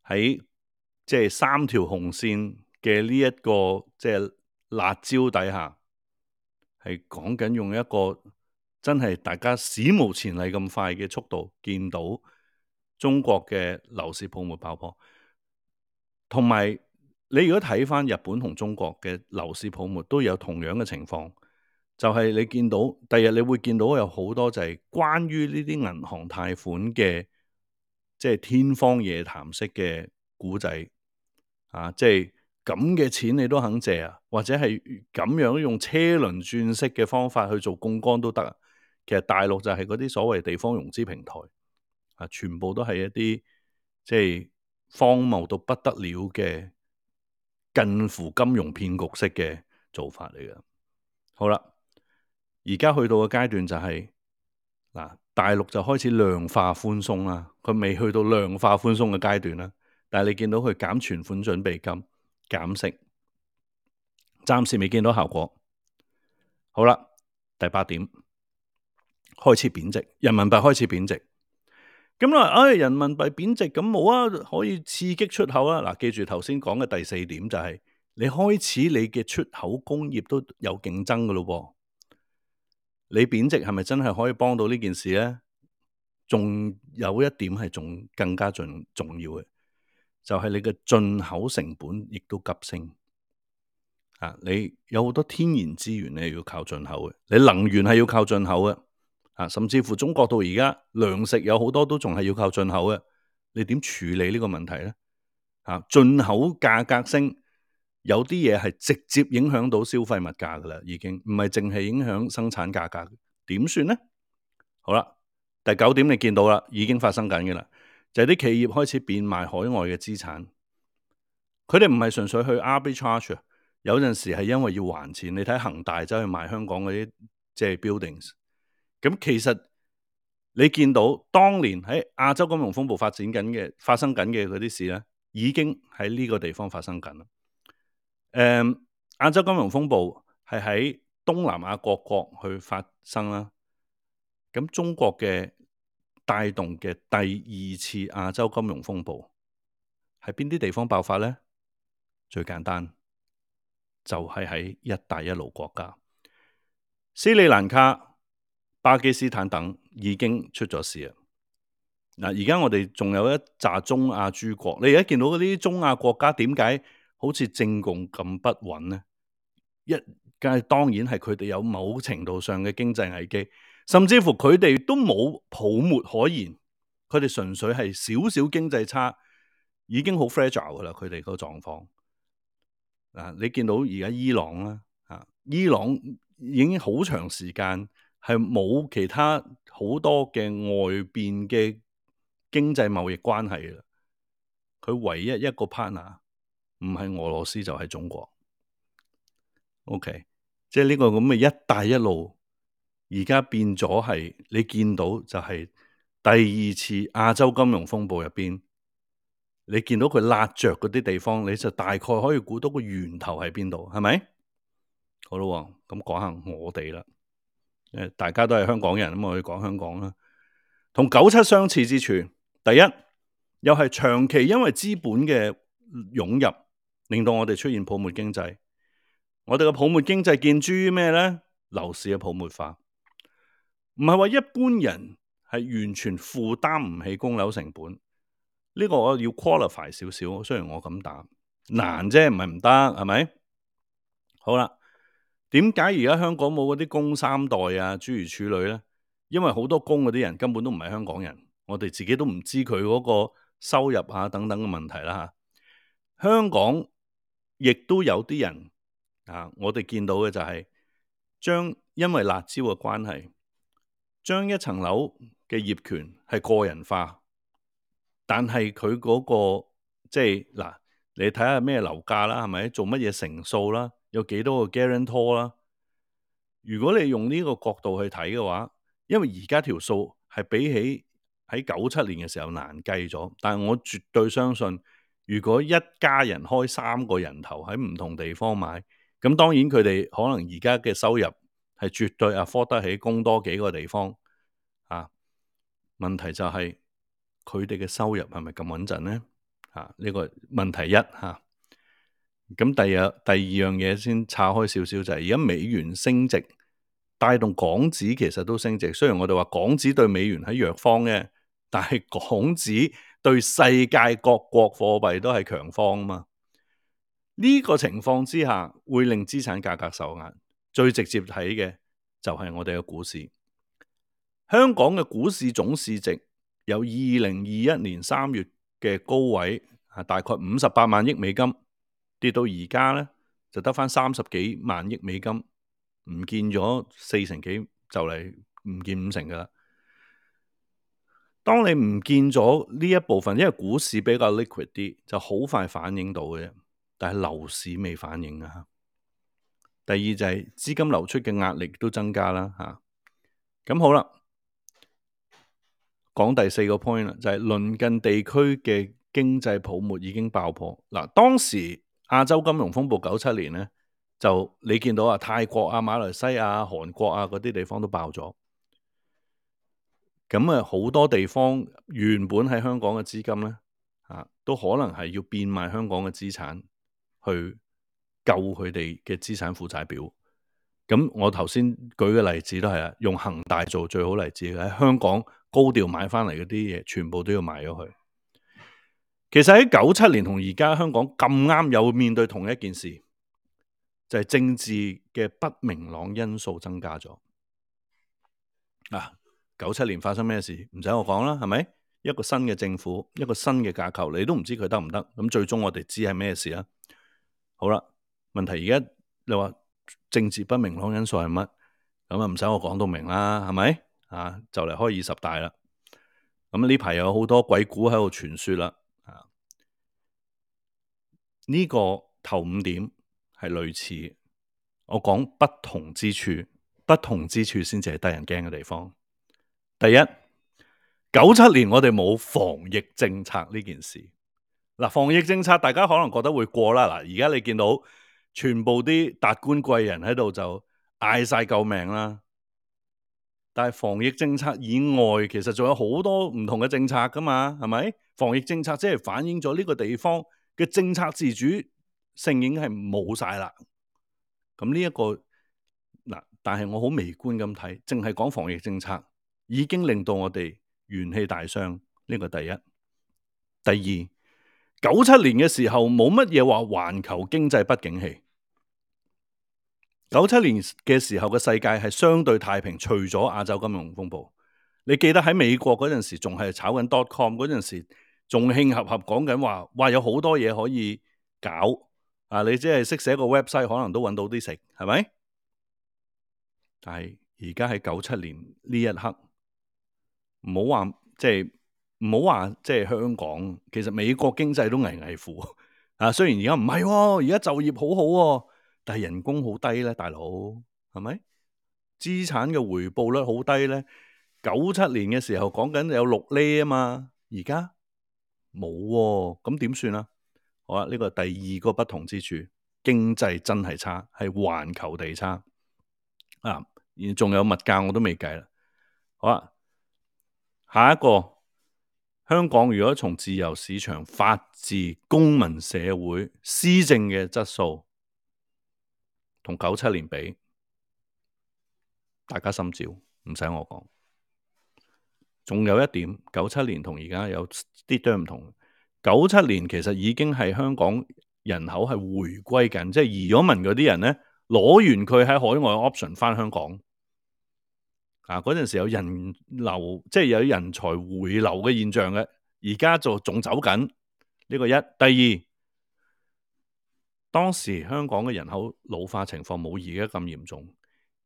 喺即係三條紅線嘅呢一個即係辣招底下，係講緊用一個。真係大家史無前例咁快嘅速度，見到中國嘅樓市泡沫爆破，同埋你如果睇返日本同中國嘅樓市泡沫，都有同樣嘅情況。就係、是、你見到第日，你會見到有好多就係關於呢啲銀行貸款嘅，即、就、係、是、天方夜譚式嘅故仔啊！即係咁嘅錢你都肯借啊？或者係咁樣用車輪轉式嘅方法去做槓桿都得啊？其實大陸就係嗰啲所謂地方融資平台啊，全部都係一啲即係荒謬到不得了嘅近乎金融騙局式嘅做法嚟嘅。好啦，而家去到嘅階段就係嗱，大陸就開始量化寬鬆啦，佢未去到量化寬鬆嘅階段啦，但係你見到佢減存款準備金、減息，暫時未見到效果。好啦，第八點。開始貶值，人民幣開始貶值，咁啦，唉、哎，人民幣貶值，咁冇啊，可以刺激出口啊！嗱，記住頭先講嘅第四點就係、是，你開始你嘅出口工業都有競爭嘅咯噃。你貶值係咪真係可以幫到呢件事咧？仲有一點係仲更加重重要嘅，就係、是、你嘅進口成本亦都急升啊！你有好多天然資源你要靠進口嘅，你能源係要靠進口嘅。啊，甚至乎中國到而家糧食有好多都仲係要靠進口嘅，你點處理呢個問題咧？啊，進口價格升，有啲嘢係直接影響到消費物價嘅啦，已經唔係淨係影響生產價格，點算咧？好啦，第九點你見到啦，已經發生緊嘅啦，就係啲企業開始變賣海外嘅資產，佢哋唔係純粹去 arbitrage，有陣時係因為要還錢。你睇恒大走去賣香港嗰啲即係 buildings。就是 build ings。咁其實你見到當年喺亞洲金融風暴發展緊嘅發生緊嘅嗰啲事咧，已經喺呢個地方發生緊。誒、嗯，亞洲金融風暴係喺東南亞各國去發生啦。咁中國嘅帶動嘅第二次亞洲金融風暴係邊啲地方爆發咧？最簡單就係、是、喺一帶一路國家，斯里蘭卡。巴基斯坦等已經出咗事啦。嗱，而家我哋仲有一紮中亞諸國。你而家見到嗰啲中亞國家點解好似政共咁不穩咧？一，梗係當然係佢哋有某程度上嘅經濟危機，甚至乎佢哋都冇泡沫可言。佢哋純粹係少少經濟差，已經好 fragile 噶啦。佢哋個狀況。嗱，你見到而家伊朗啦，啊，伊朗已經好長時間。係冇其他好多嘅外邊嘅經濟貿易關係嘅。佢唯一一個 partner 唔係俄羅斯就係、是、中國。OK，即係呢個咁嘅一帶一路，而家變咗係你見到就係第二次亞洲金融風暴入邊，你見到佢辣着嗰啲地方，你就大概可以估到個源頭喺邊度，係咪？好啦，哦，咁講下我哋啦。誒，大家都係香港人，我去講香港啦。同九七相似之處，第一又係長期因為資本嘅湧入，令到我哋出現泡沫經濟。我哋嘅泡沫經濟建基於咩呢？樓市嘅泡沫化，唔係話一般人係完全負擔唔起供樓成本。呢、這個我要 qualify 少少，雖然我咁打難啫，唔係唔得，係咪？好啦。點解而家香港冇嗰啲公三代啊、諸如此類咧？因為好多公嗰啲人根本都唔係香港人，我哋自己都唔知佢嗰個收入啊等等嘅問題啦。香港亦都有啲人啊，我哋見到嘅就係將因為辣椒嘅關係，將一層樓嘅業權係個人化，但係佢嗰個即係嗱，你睇下咩樓價啦，係咪做乜嘢成數啦？有幾多個 guarantor 啦？如果你用呢個角度去睇嘅話，因為而家條數係比起喺九七年嘅時候難計咗，但係我絕對相信，如果一家人開三個人頭喺唔同地方買，咁當然佢哋可能而家嘅收入係絕對 afford 得起供多幾個地方啊。問題就係佢哋嘅收入係咪咁穩陣咧？啊，呢、呢個問題一嚇。啊。咁第二第二樣嘢，先岔開少少，就係而家美元升值帶動港紙其實都升值，雖然我哋話港紙對美元係弱方嘅，但係港紙對世界各國貨幣都係強方啊嘛。呢個情況之下會令資產價格受壓，最直接睇嘅就係我哋嘅股市。香港嘅股市總市值由二零二一年三月嘅高位啊，大概五十八萬億美金。至到而家咧，就得翻三十幾萬億美金，唔見咗四成幾，就嚟唔見五成噶啦。當你唔見咗呢一部分，因為股市比較 liquid 啲，就好快反映到嘅。但係樓市未反映噶。第二就係資金流出嘅壓力都增加啦。吓、啊，咁好啦，講第四個 point 啦，就係鄰近地區嘅經濟泡沫已經爆破嗱，當時。亞洲金融風暴九七年咧，就你見到啊，泰國啊、馬來西亞、韓國啊嗰啲地方都爆咗，咁啊好多地方原本喺香港嘅資金咧，啊都可能係要變賣香港嘅資產去救佢哋嘅資產負債表。咁我頭先舉嘅例子都係啊，用恒大做最好例子，喺香港高調買翻嚟嗰啲嘢，全部都要賣咗佢。其實喺九七年同而家香港咁啱有面對同一件事，就係政治嘅不明朗因素增加咗。嗱，九七年發生咩事？唔使我講啦，係咪一個新嘅政府，一個新嘅架構，你都唔知佢得唔得？咁最終我哋知係咩事啊？好啦，問題而家你話政治不明朗因素係乜？咁啊唔使我講到明啦，係咪啊？就嚟開二十大啦，咁呢排有好多鬼故喺度傳說啦。呢個頭五點係類似，我講不同之處，不同之處先至係得人驚嘅地方。第一，九七年我哋冇防疫政策呢件事，嗱，防疫政策大家可能覺得會過啦，嗱，而家你見到全部啲達官貴人喺度就嗌晒救命啦，但係防疫政策以外，其實仲有好多唔同嘅政策㗎嘛，係咪？防疫政策即係反映咗呢個地方嘅政策自主性已經係冇晒啦。咁呢一個嗱，但係我好微觀咁睇，淨係講防疫政策已經令到我哋元氣大傷。呢個第一，第二，九七年嘅時候冇乜嘢話環球經濟不景氣。九七年嘅時候嘅世界係相對太平，除咗亞洲金融風暴。你記得喺美國嗰陣時仲係炒緊 dot com 嗰陣時仲慶合合講緊話，哇！有好多嘢可以搞啊！你即係識寫個 website，可能都揾到啲食，係咪？但係而家喺九七年呢一刻，唔好話即係，唔好話即係香港。其實美國經濟都危危乎啊！雖然而家唔係喎，而家就業好好、哦、喎，但係人工好低咧，大佬係咪？資產嘅回報率好低咧。九七年嘅時候講緊有六厘啊嘛，而家？冇，咁點算啊？好啦，呢個第二個不同之處，經濟真係差，係環球地差啊！而仲有物價我都未計啦。好啦，下一個香港如果從自由市場、法治、公民社會、施政嘅質素，同九七年比，大家心照，唔使我講。仲有一點，九七年同而家有啲多唔同。九七年其實已經係香港人口係回歸緊，即係移咗民嗰啲人咧，攞完佢喺海外 option 翻香港。啊，嗰陣時有人流，即係有人才回流嘅現象嘅。而家就仲走緊呢個一。第二，當時香港嘅人口老化情況冇而家咁嚴重。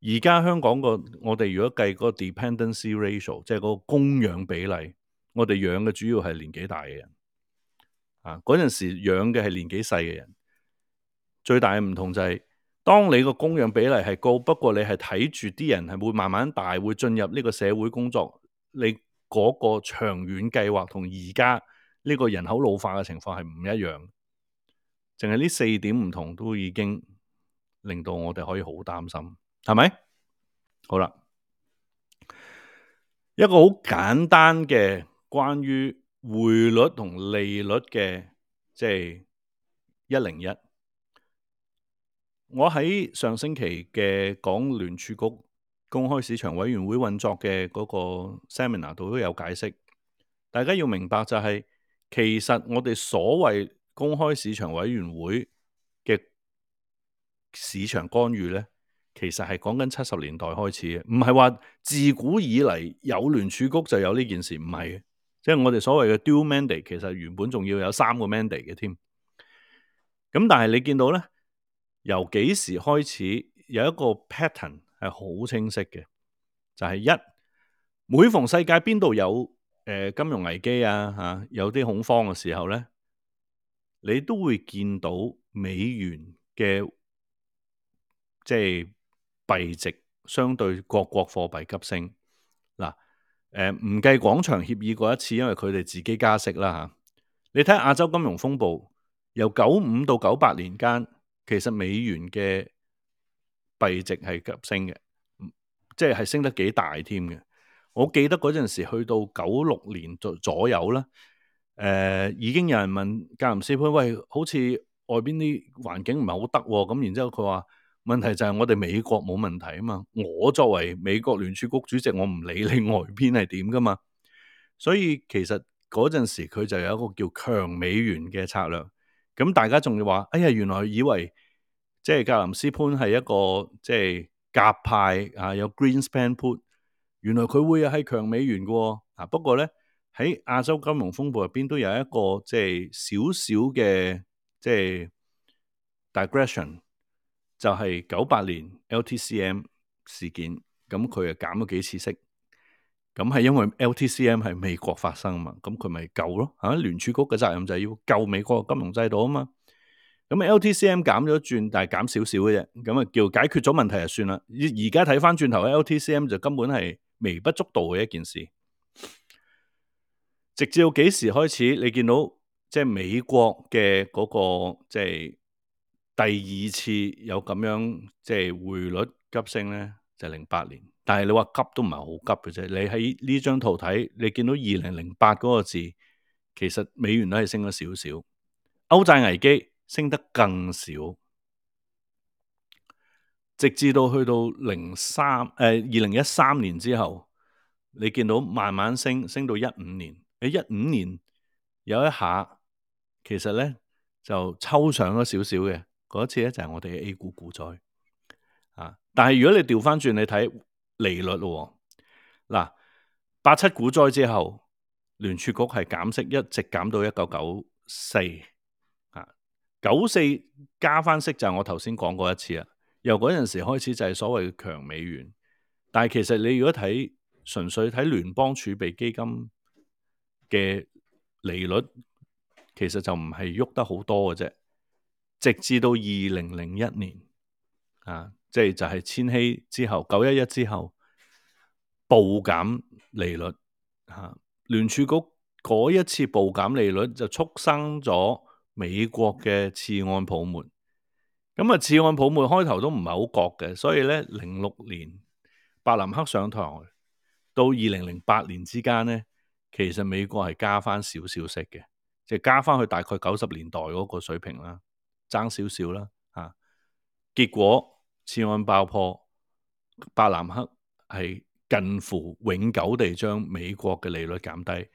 而家香港個我哋如果計個 dependency ratio，即係嗰個供養比例，我哋養嘅主要係年紀大嘅人。啊，嗰陣時養嘅係年紀細嘅人。最大嘅唔同就係，當你個供養比例係高，不過你係睇住啲人係會慢慢大，會進入呢個社會工作，你嗰個長遠計劃同而家呢個人口老化嘅情況係唔一樣。淨係呢四點唔同都已經令到我哋可以好擔心。係咪？好啦，一個好簡單嘅關於匯率同利率嘅，即係一零一。我喺上星期嘅港聯儲局公開市場委員會運作嘅嗰個 seminar 度都有解釋。大家要明白就係，其實我哋所謂公開市場委員會嘅市場干預呢。其實係講緊七十年代開始嘅，唔係話自古以嚟有聯儲局就有呢件事，唔係嘅，即係我哋所謂嘅 Dual Mandate，其實原本仲要有三個 mandate 嘅添。咁但係你見到咧，到呢由幾時開始有一個 pattern 係好清晰嘅，就係、是、一每逢世界邊度有誒、呃、金融危機啊吓、啊，有啲恐慌嘅時候咧，你都會見到美元嘅，即係。就是幣值相對各國貨幣急升，嗱、啊，誒、呃，唔計廣場協議嗰一次，因為佢哋自己加息啦吓、啊。你睇下亞洲金融風暴，由九五到九八年間，其實美元嘅幣值係急升嘅、嗯，即係升得幾大添嘅。我記得嗰陣時去到九六年左左右啦，誒、呃，已經有人問格林斯潘：喂，好似外邊啲環境唔係好得，咁、啊、然之後佢話。問題就係我哋美國冇問題嘛，我作為美國聯儲局主席，我唔理你外邊係點噶嘛，所以其實嗰陣時佢就有一個叫強美元嘅策略，咁大家仲話，哎呀，原來以為即係格林斯潘係一個即係鴿派啊，有 Greenspan put，原來佢會係強美元噶喎，啊不過呢，喺亞洲金融風暴入邊都有一個即係少少嘅即係 digression。Dig ression, 就係九八年 LTCM 事件，咁佢又減咗幾次息，咁係因為 LTCM 係美國發生啊嘛，咁佢咪救咯吓，聯儲局嘅責任就係要救美國嘅金融制度啊嘛，咁 LTCM 減咗一轉，但係減少少嘅啫，咁啊叫解決咗問題就算啦。而而家睇翻轉頭 LTCM 就根本係微不足道嘅一件事，直至到幾時開始，你見到即係美國嘅嗰個即係。第二次有咁樣即係匯率急升呢，就係零八年。但係你話急都唔係好急嘅啫。你喺呢張圖睇，你見到二零零八嗰個字，其實美元都係升咗少少。歐債危機升得更少，直至到去到零三誒二零一三年之後，你見到慢慢升，升到一五年。喺一五年有一下，其實呢就抽上咗少少嘅。嗰一次咧就係我哋 A 股股災、啊、但係如果你調翻轉你睇利率咯，嗱八七股災之後，聯儲局係減息一直減到一九九四啊，九四加翻息就係我頭先講過一次啦、啊。由嗰陣時開始就係所謂的強美元，但係其實你如果睇純粹睇聯邦儲備基金嘅利率，其實就唔係喐得好多嘅啫。直至到二零零一年，啊，即係就係、是、千禧之後，九一一之後，暴減利率，吓、啊，聯儲局嗰一次暴減利率就促生咗美國嘅次按泡沫。咁啊，次按泡沫開頭都唔係好覺嘅，所以咧，零六年，伯南克上台，到二零零八年之間咧，其實美國係加翻少少息嘅，即係加翻去大概九十年代嗰個水平啦。爭少少啦，啊！結果次按爆破，伯南克係近乎永久地將美國嘅利率減低。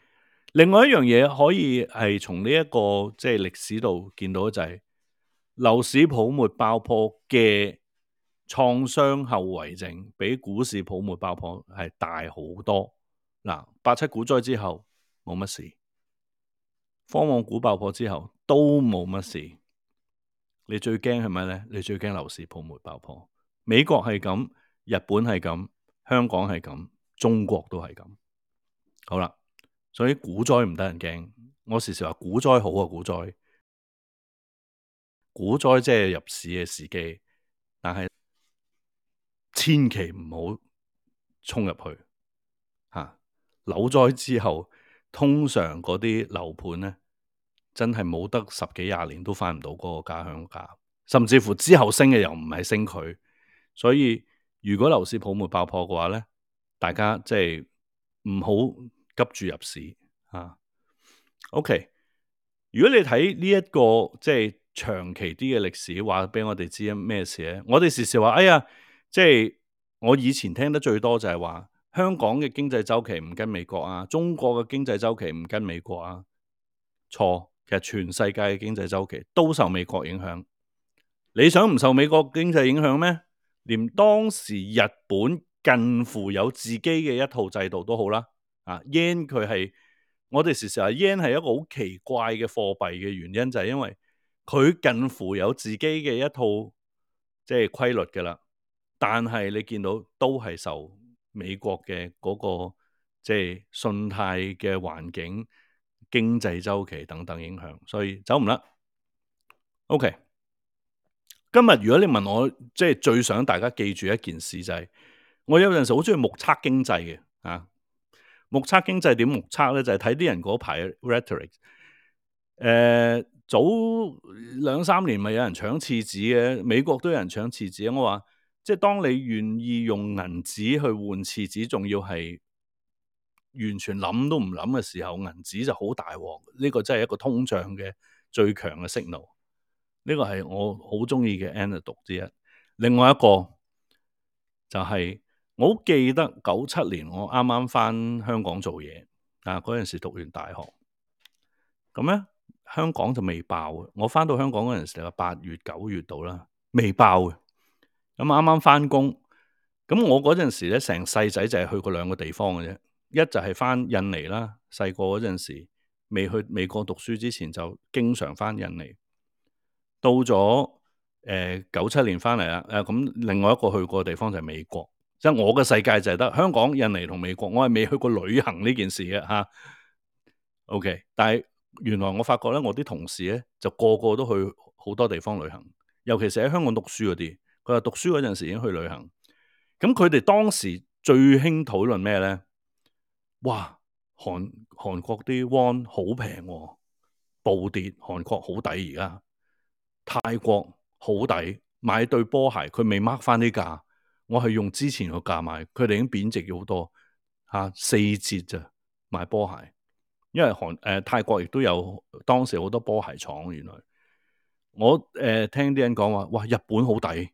另外一樣嘢可以係從呢、這、一個即係歷史度見到就係、是、樓市泡沫爆破嘅創傷後遺症，比股市泡沫爆破係大好多。嗱、啊，八七股災之後冇乜事，科網股爆破之後都冇乜事。你最驚係咪咧？你最驚樓市泡沫爆破？美國係咁，日本係咁，香港係咁，中國都係咁。好啦，所以股災唔得人驚。我時時話股災好啊，股災股災即係入市嘅時機，但係千祈唔好衝入去。吓、啊，樓災之後通常嗰啲樓盤咧。真係冇得十幾廿年都翻唔到嗰個家鄉價，甚至乎之後升嘅又唔係升佢，所以如果樓市泡沫爆破嘅話咧，大家即係唔好急住入市啊。OK，如果你睇呢一個即係長期啲嘅歷史，話俾我哋知咩事咧？我哋時時話：哎呀，即係我以前聽得最多就係話，香港嘅經濟周期唔跟美國啊，中國嘅經濟周期唔跟美國啊，錯。其實全世界嘅經濟周期都受美國影響。你想唔受美國經濟影響咩？連當時日本近乎有自己嘅一套制度都好啦。啊，yen 佢係我哋時時話 yen 係一個好奇怪嘅貨幣嘅原因就係因為佢近乎有自己嘅一套即係規律噶啦。但係你見到都係受美國嘅嗰個即係信貸嘅環境。經濟周期等等影響，所以走唔甩。O.K. 今日如果你問我，即係最想大家記住一件事就係、是，我有陣時好中意目測經濟嘅啊。目測經濟點目測咧？就係睇啲人嗰排 rhetoric。誒、呃，早兩三年咪有人搶廁紙嘅，美國都有人搶廁紙。我話即係當你願意用銀紙去換廁紙，仲要係，完全諗都唔諗嘅時候，銀紙就好大鑊。呢、這個真係一個通脹嘅最強嘅信號。呢、這個係我好中意嘅 endnote 之一。另外一個就係、是、我好記得九七年我啱啱翻香港做嘢啊，嗰陣時讀完大學，咁咧香港就未爆。我翻到香港嗰陣時，剛剛時就八月九月度啦，未爆。咁啱啱翻工，咁我嗰陣時咧成細仔就係去過兩個地方嘅啫。一就係翻印尼啦，細個嗰陣時未去美國讀書之前就經常翻印尼。到咗誒九七年翻嚟啦，誒、啊、咁另外一個去過嘅地方就係美國。即係我嘅世界就係得香港、印尼同美國，我係未去過旅行呢件事嘅嚇、啊。OK，但係原來我發覺咧，我啲同事咧就個個都去好多地方旅行，尤其是喺香港讀書嗰啲，佢話讀書嗰陣時已經去旅行。咁佢哋當時最興討論咩咧？哇，韓韓國啲 One 好平喎，暴跌，韓國好抵而家。泰國好抵，買對波鞋佢未 mark 返啲價，我係用之前個價買，佢哋已經貶值咗好多嚇、啊、四折咋買波鞋，因為韓誒、呃、泰國亦都有當時好多波鞋廠，原來我。我、呃、誒聽啲人講話，哇，日本好抵。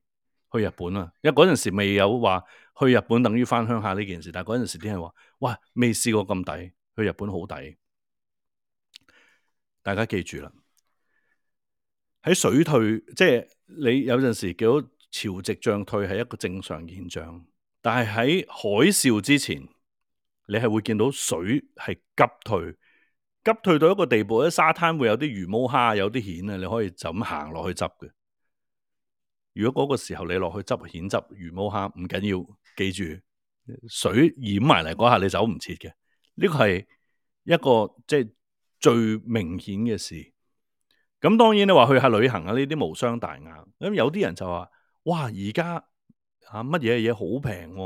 去日本啊，因為嗰陣時未有話去日本等於返鄉下呢件事，但係嗰陣時啲人話：哇，未試過咁抵，去日本好抵。大家記住啦，喺水退，即係你有陣時叫潮汐漲退係一個正常現象，但係喺海嘯之前，你係會見到水係急退，急退到一個地步喺沙灘會有啲魚、毛蝦，有啲蜆啊，你可以就咁行落去執嘅。如果嗰個時候你落去執蜆、執魚、踎蝦，唔緊要。記住，水淹埋嚟嗰下你走唔切嘅。呢個係一個即係最明顯嘅事。咁當然你話去下旅行啊，呢啲無傷大雅。咁有啲人就話：哇，而家啊乜嘢嘢好平，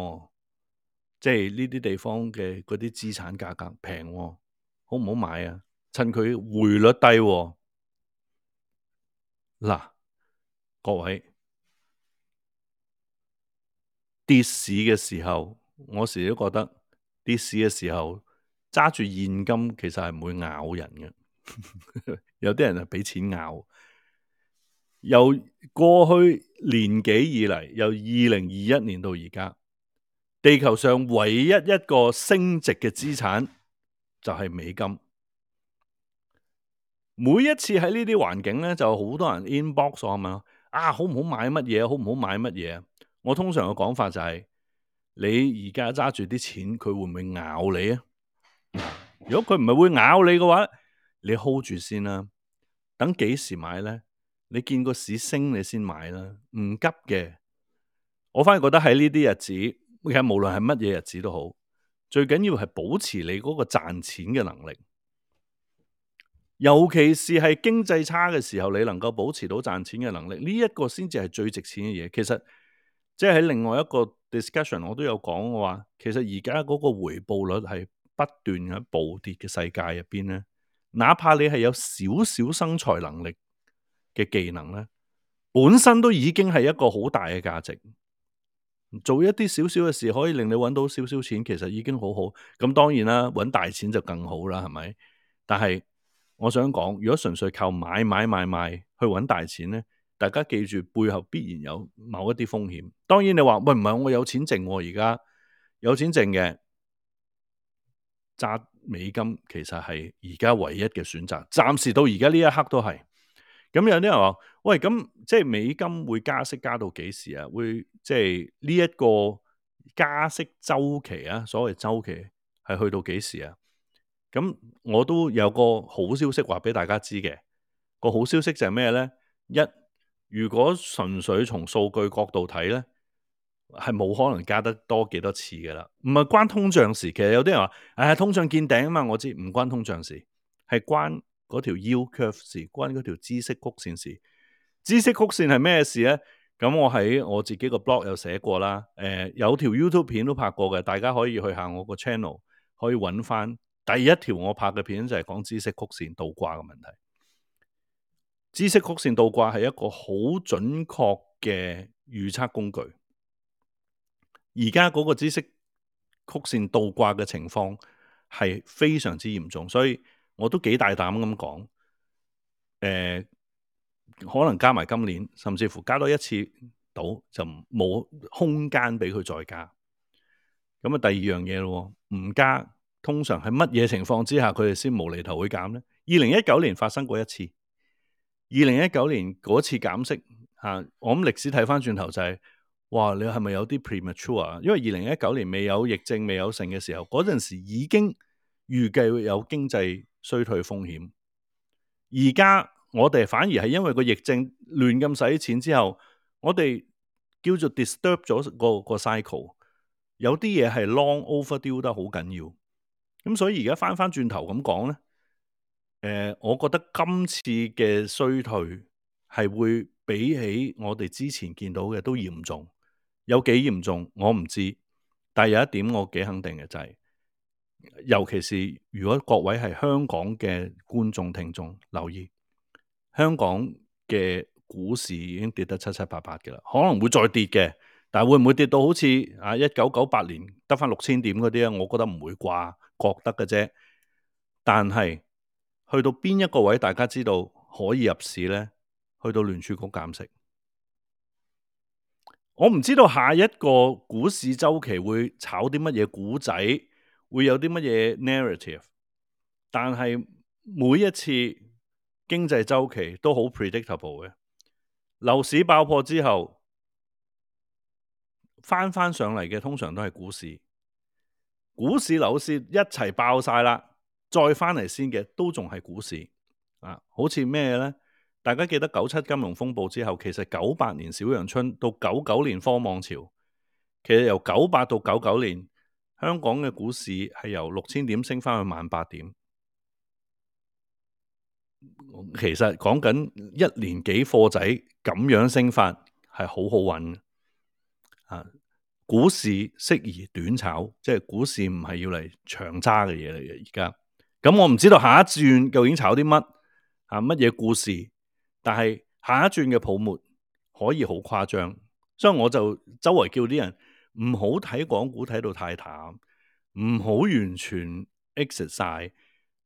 即係呢啲地方嘅嗰啲資產價格平啊，好唔好買啊？趁佢匯率低啊，嗱，各位。跌市嘅時候，我時時都覺得跌市嘅時候揸住現金其實係唔會咬人嘅。 有啲人係俾錢咬。由過去年幾以嚟，由二零二一年到而家，地球上唯一一個升值嘅資產就係美金。每一次喺呢啲環境咧，就好多人 inbox 我問：啊，好唔好買乜嘢？好唔好買乜嘢？我通常嘅講法就係：你而家揸住啲錢，佢會唔會咬你啊？如果佢唔係會咬你嘅話，你 hold 住先啦。等幾時買咧？你見個市升，你先買啦。唔急嘅，我反而覺得喺呢啲日子，其實無論係乜嘢日子都好，最緊要係保持你嗰個賺錢嘅能力。尤其是係經濟差嘅時候，你能夠保持到賺錢嘅能力，呢一個先至係最值錢嘅嘢。其實。即係喺另外一個 discussion，我都有講過，其實而家嗰個回報率係不斷喺暴跌嘅世界入邊咧，哪怕你係有少少生財能力嘅技能咧，本身都已經係一個好大嘅價值。做一啲少少嘅事，可以令你揾到少少錢，其實已經好好。咁當然啦，揾大錢就更好啦，係咪？但係我想講，如果純粹靠買買買買買去揾大錢咧？大家記住，背後必然有某一啲風險。當然你話喂，唔係我有錢剩啊，而家有錢剩嘅揸美金其實係而家唯一嘅選擇。暫時到而家呢一刻都係。咁有啲人話喂，咁即係美金會加息加到幾時啊？會即係呢一個加息週期啊，所謂週期係去到幾時啊？咁我都有個好消息話俾大家知嘅。個好消息就係咩咧？一如果純粹從數據角度睇咧，係冇可能加得多幾多次嘅啦。唔係關通脹事，其實有啲人話，誒、哎，通脹見頂啊嘛，我知唔關通脹事，係關嗰條 U curve 事，關嗰條知識曲線事。知識曲線係咩事咧？咁我喺我自己個 blog 有寫過啦，誒、呃，有條 YouTube 片都拍過嘅，大家可以去下我個 channel，可以揾翻第一條我拍嘅片就係講知識曲線倒掛嘅問題。知識曲線倒掛係一個好準確嘅預測工具，而家嗰個知識曲線倒掛嘅情況係非常之嚴重，所以我都幾大膽咁講，呃，可能加埋今年，甚至乎加多一次度，就冇空間俾佢再加。咁啊，第二樣嘢咯，唔加，通常係乜嘢情況之下佢哋先無厘頭會減呢？二零一九年發生過一次。二零一九年嗰次減息嚇，我諗歷史睇翻轉頭就係、是，哇！你係咪有啲 premature 啊？因為二零一九年未有疫症、未有成嘅時候，嗰陣時已經預計會有經濟衰退風險。而家我哋反而係因為個疫症亂咁使錢之後，我哋叫做 disturb 咗個個 cycle，有啲嘢係 long overdue 得好緊要。咁所以而家翻翻轉頭咁講咧。誒、呃，我覺得今次嘅衰退係會比起我哋之前見到嘅都嚴重，有幾嚴重我唔知，但係有一點我幾肯定嘅就係、是，尤其是如果各位係香港嘅觀眾聽眾留意，香港嘅股市已經跌得七七八八嘅啦，可能會再跌嘅，但係會唔會跌到好似啊一九九八年得返六千點嗰啲咧？我覺得唔會啩，覺得嘅啫，但係。去到邊一個位，大家知道可以入市呢？去到聯儲局減息，我唔知道下一個股市周期會炒啲乜嘢股仔，會有啲乜嘢 narrative。但係每一次經濟周期都好 predictable 嘅，樓市爆破之後翻翻上嚟嘅，通常都係股市，股市、樓市一齊爆晒啦。再翻嚟先嘅都仲係股市啊！好似咩呢？大家記得九七金融風暴之後，其實九八年小陽春到九九年科網潮，其實由九八到九九年，香港嘅股市係由六千點升翻去萬八點。其實講緊一年幾貨仔咁樣升法係好好穩啊！股市適宜短炒，即係股市唔係要嚟長揸嘅嘢嚟嘅，而家。咁、嗯、我唔知道下一轉究竟炒啲乜吓，乜、啊、嘢故事？但係下一轉嘅泡沫可以好誇張，所以我就周圍叫啲人唔好睇港股睇到太淡，唔好完全 exit 晒。誒、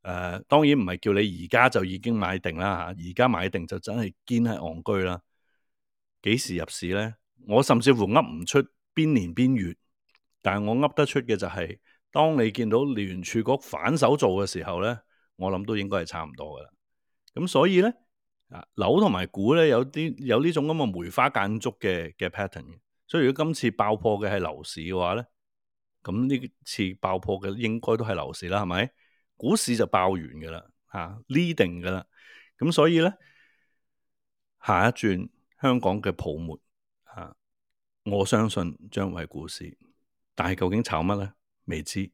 呃，當然唔係叫你而家就已經買定啦吓，而、啊、家買定就真係堅係戇居啦。幾時入市咧？我甚至乎噏唔出邊年邊月，但係我噏得出嘅就係、是。當你見到聯儲局反手做嘅時候咧，我諗都應該係差唔多噶啦。咁所以咧，啊樓同埋股咧有啲有呢種咁嘅梅花間竹嘅嘅 pattern 嘅。所以如果今次爆破嘅係樓市嘅話咧，咁呢次爆破嘅應該都係樓市啦，係咪？股市就爆完噶啦，吓、啊、leading 噶啦。咁所以咧，下一轉香港嘅泡沫啊，我相信將會係股市，但係究竟炒乜咧？未知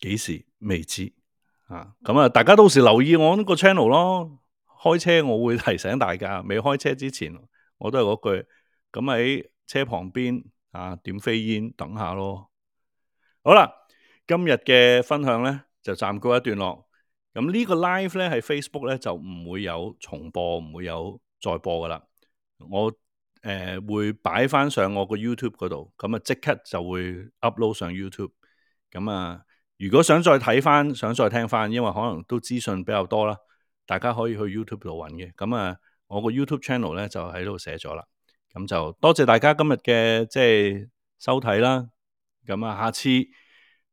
幾時未知啊！咁啊，大家到時留意我呢個 channel 咯。開車我會提醒大家，未開車之前，我都係嗰句咁喺車旁邊啊，點飛煙等下咯。好啦，今日嘅分享咧就暫告一段落。咁呢個 live 咧喺 Facebook 咧就唔會有重播，唔會有再播噶啦。我誒、呃、會擺翻上我個 YouTube 嗰度，咁啊即刻就會 upload 上 YouTube。咁啊，如果想再睇翻，想再聽翻，因為可能都資訊比較多啦，大家可以去 YouTube 度揾嘅。咁啊，我個 YouTube channel 咧就喺度寫咗啦。咁就多謝大家今日嘅即係收睇啦。咁啊，下次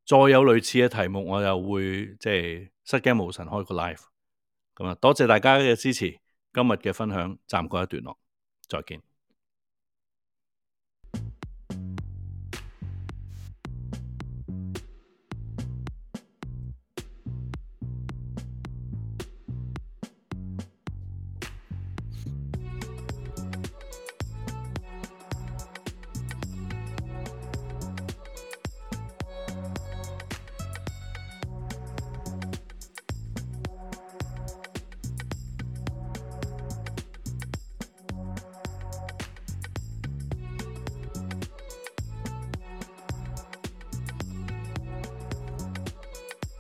再有類似嘅題目我，我又會即係失驚無神開個 live。咁啊，多謝大家嘅支持，今日嘅分享暫告一段落，再見。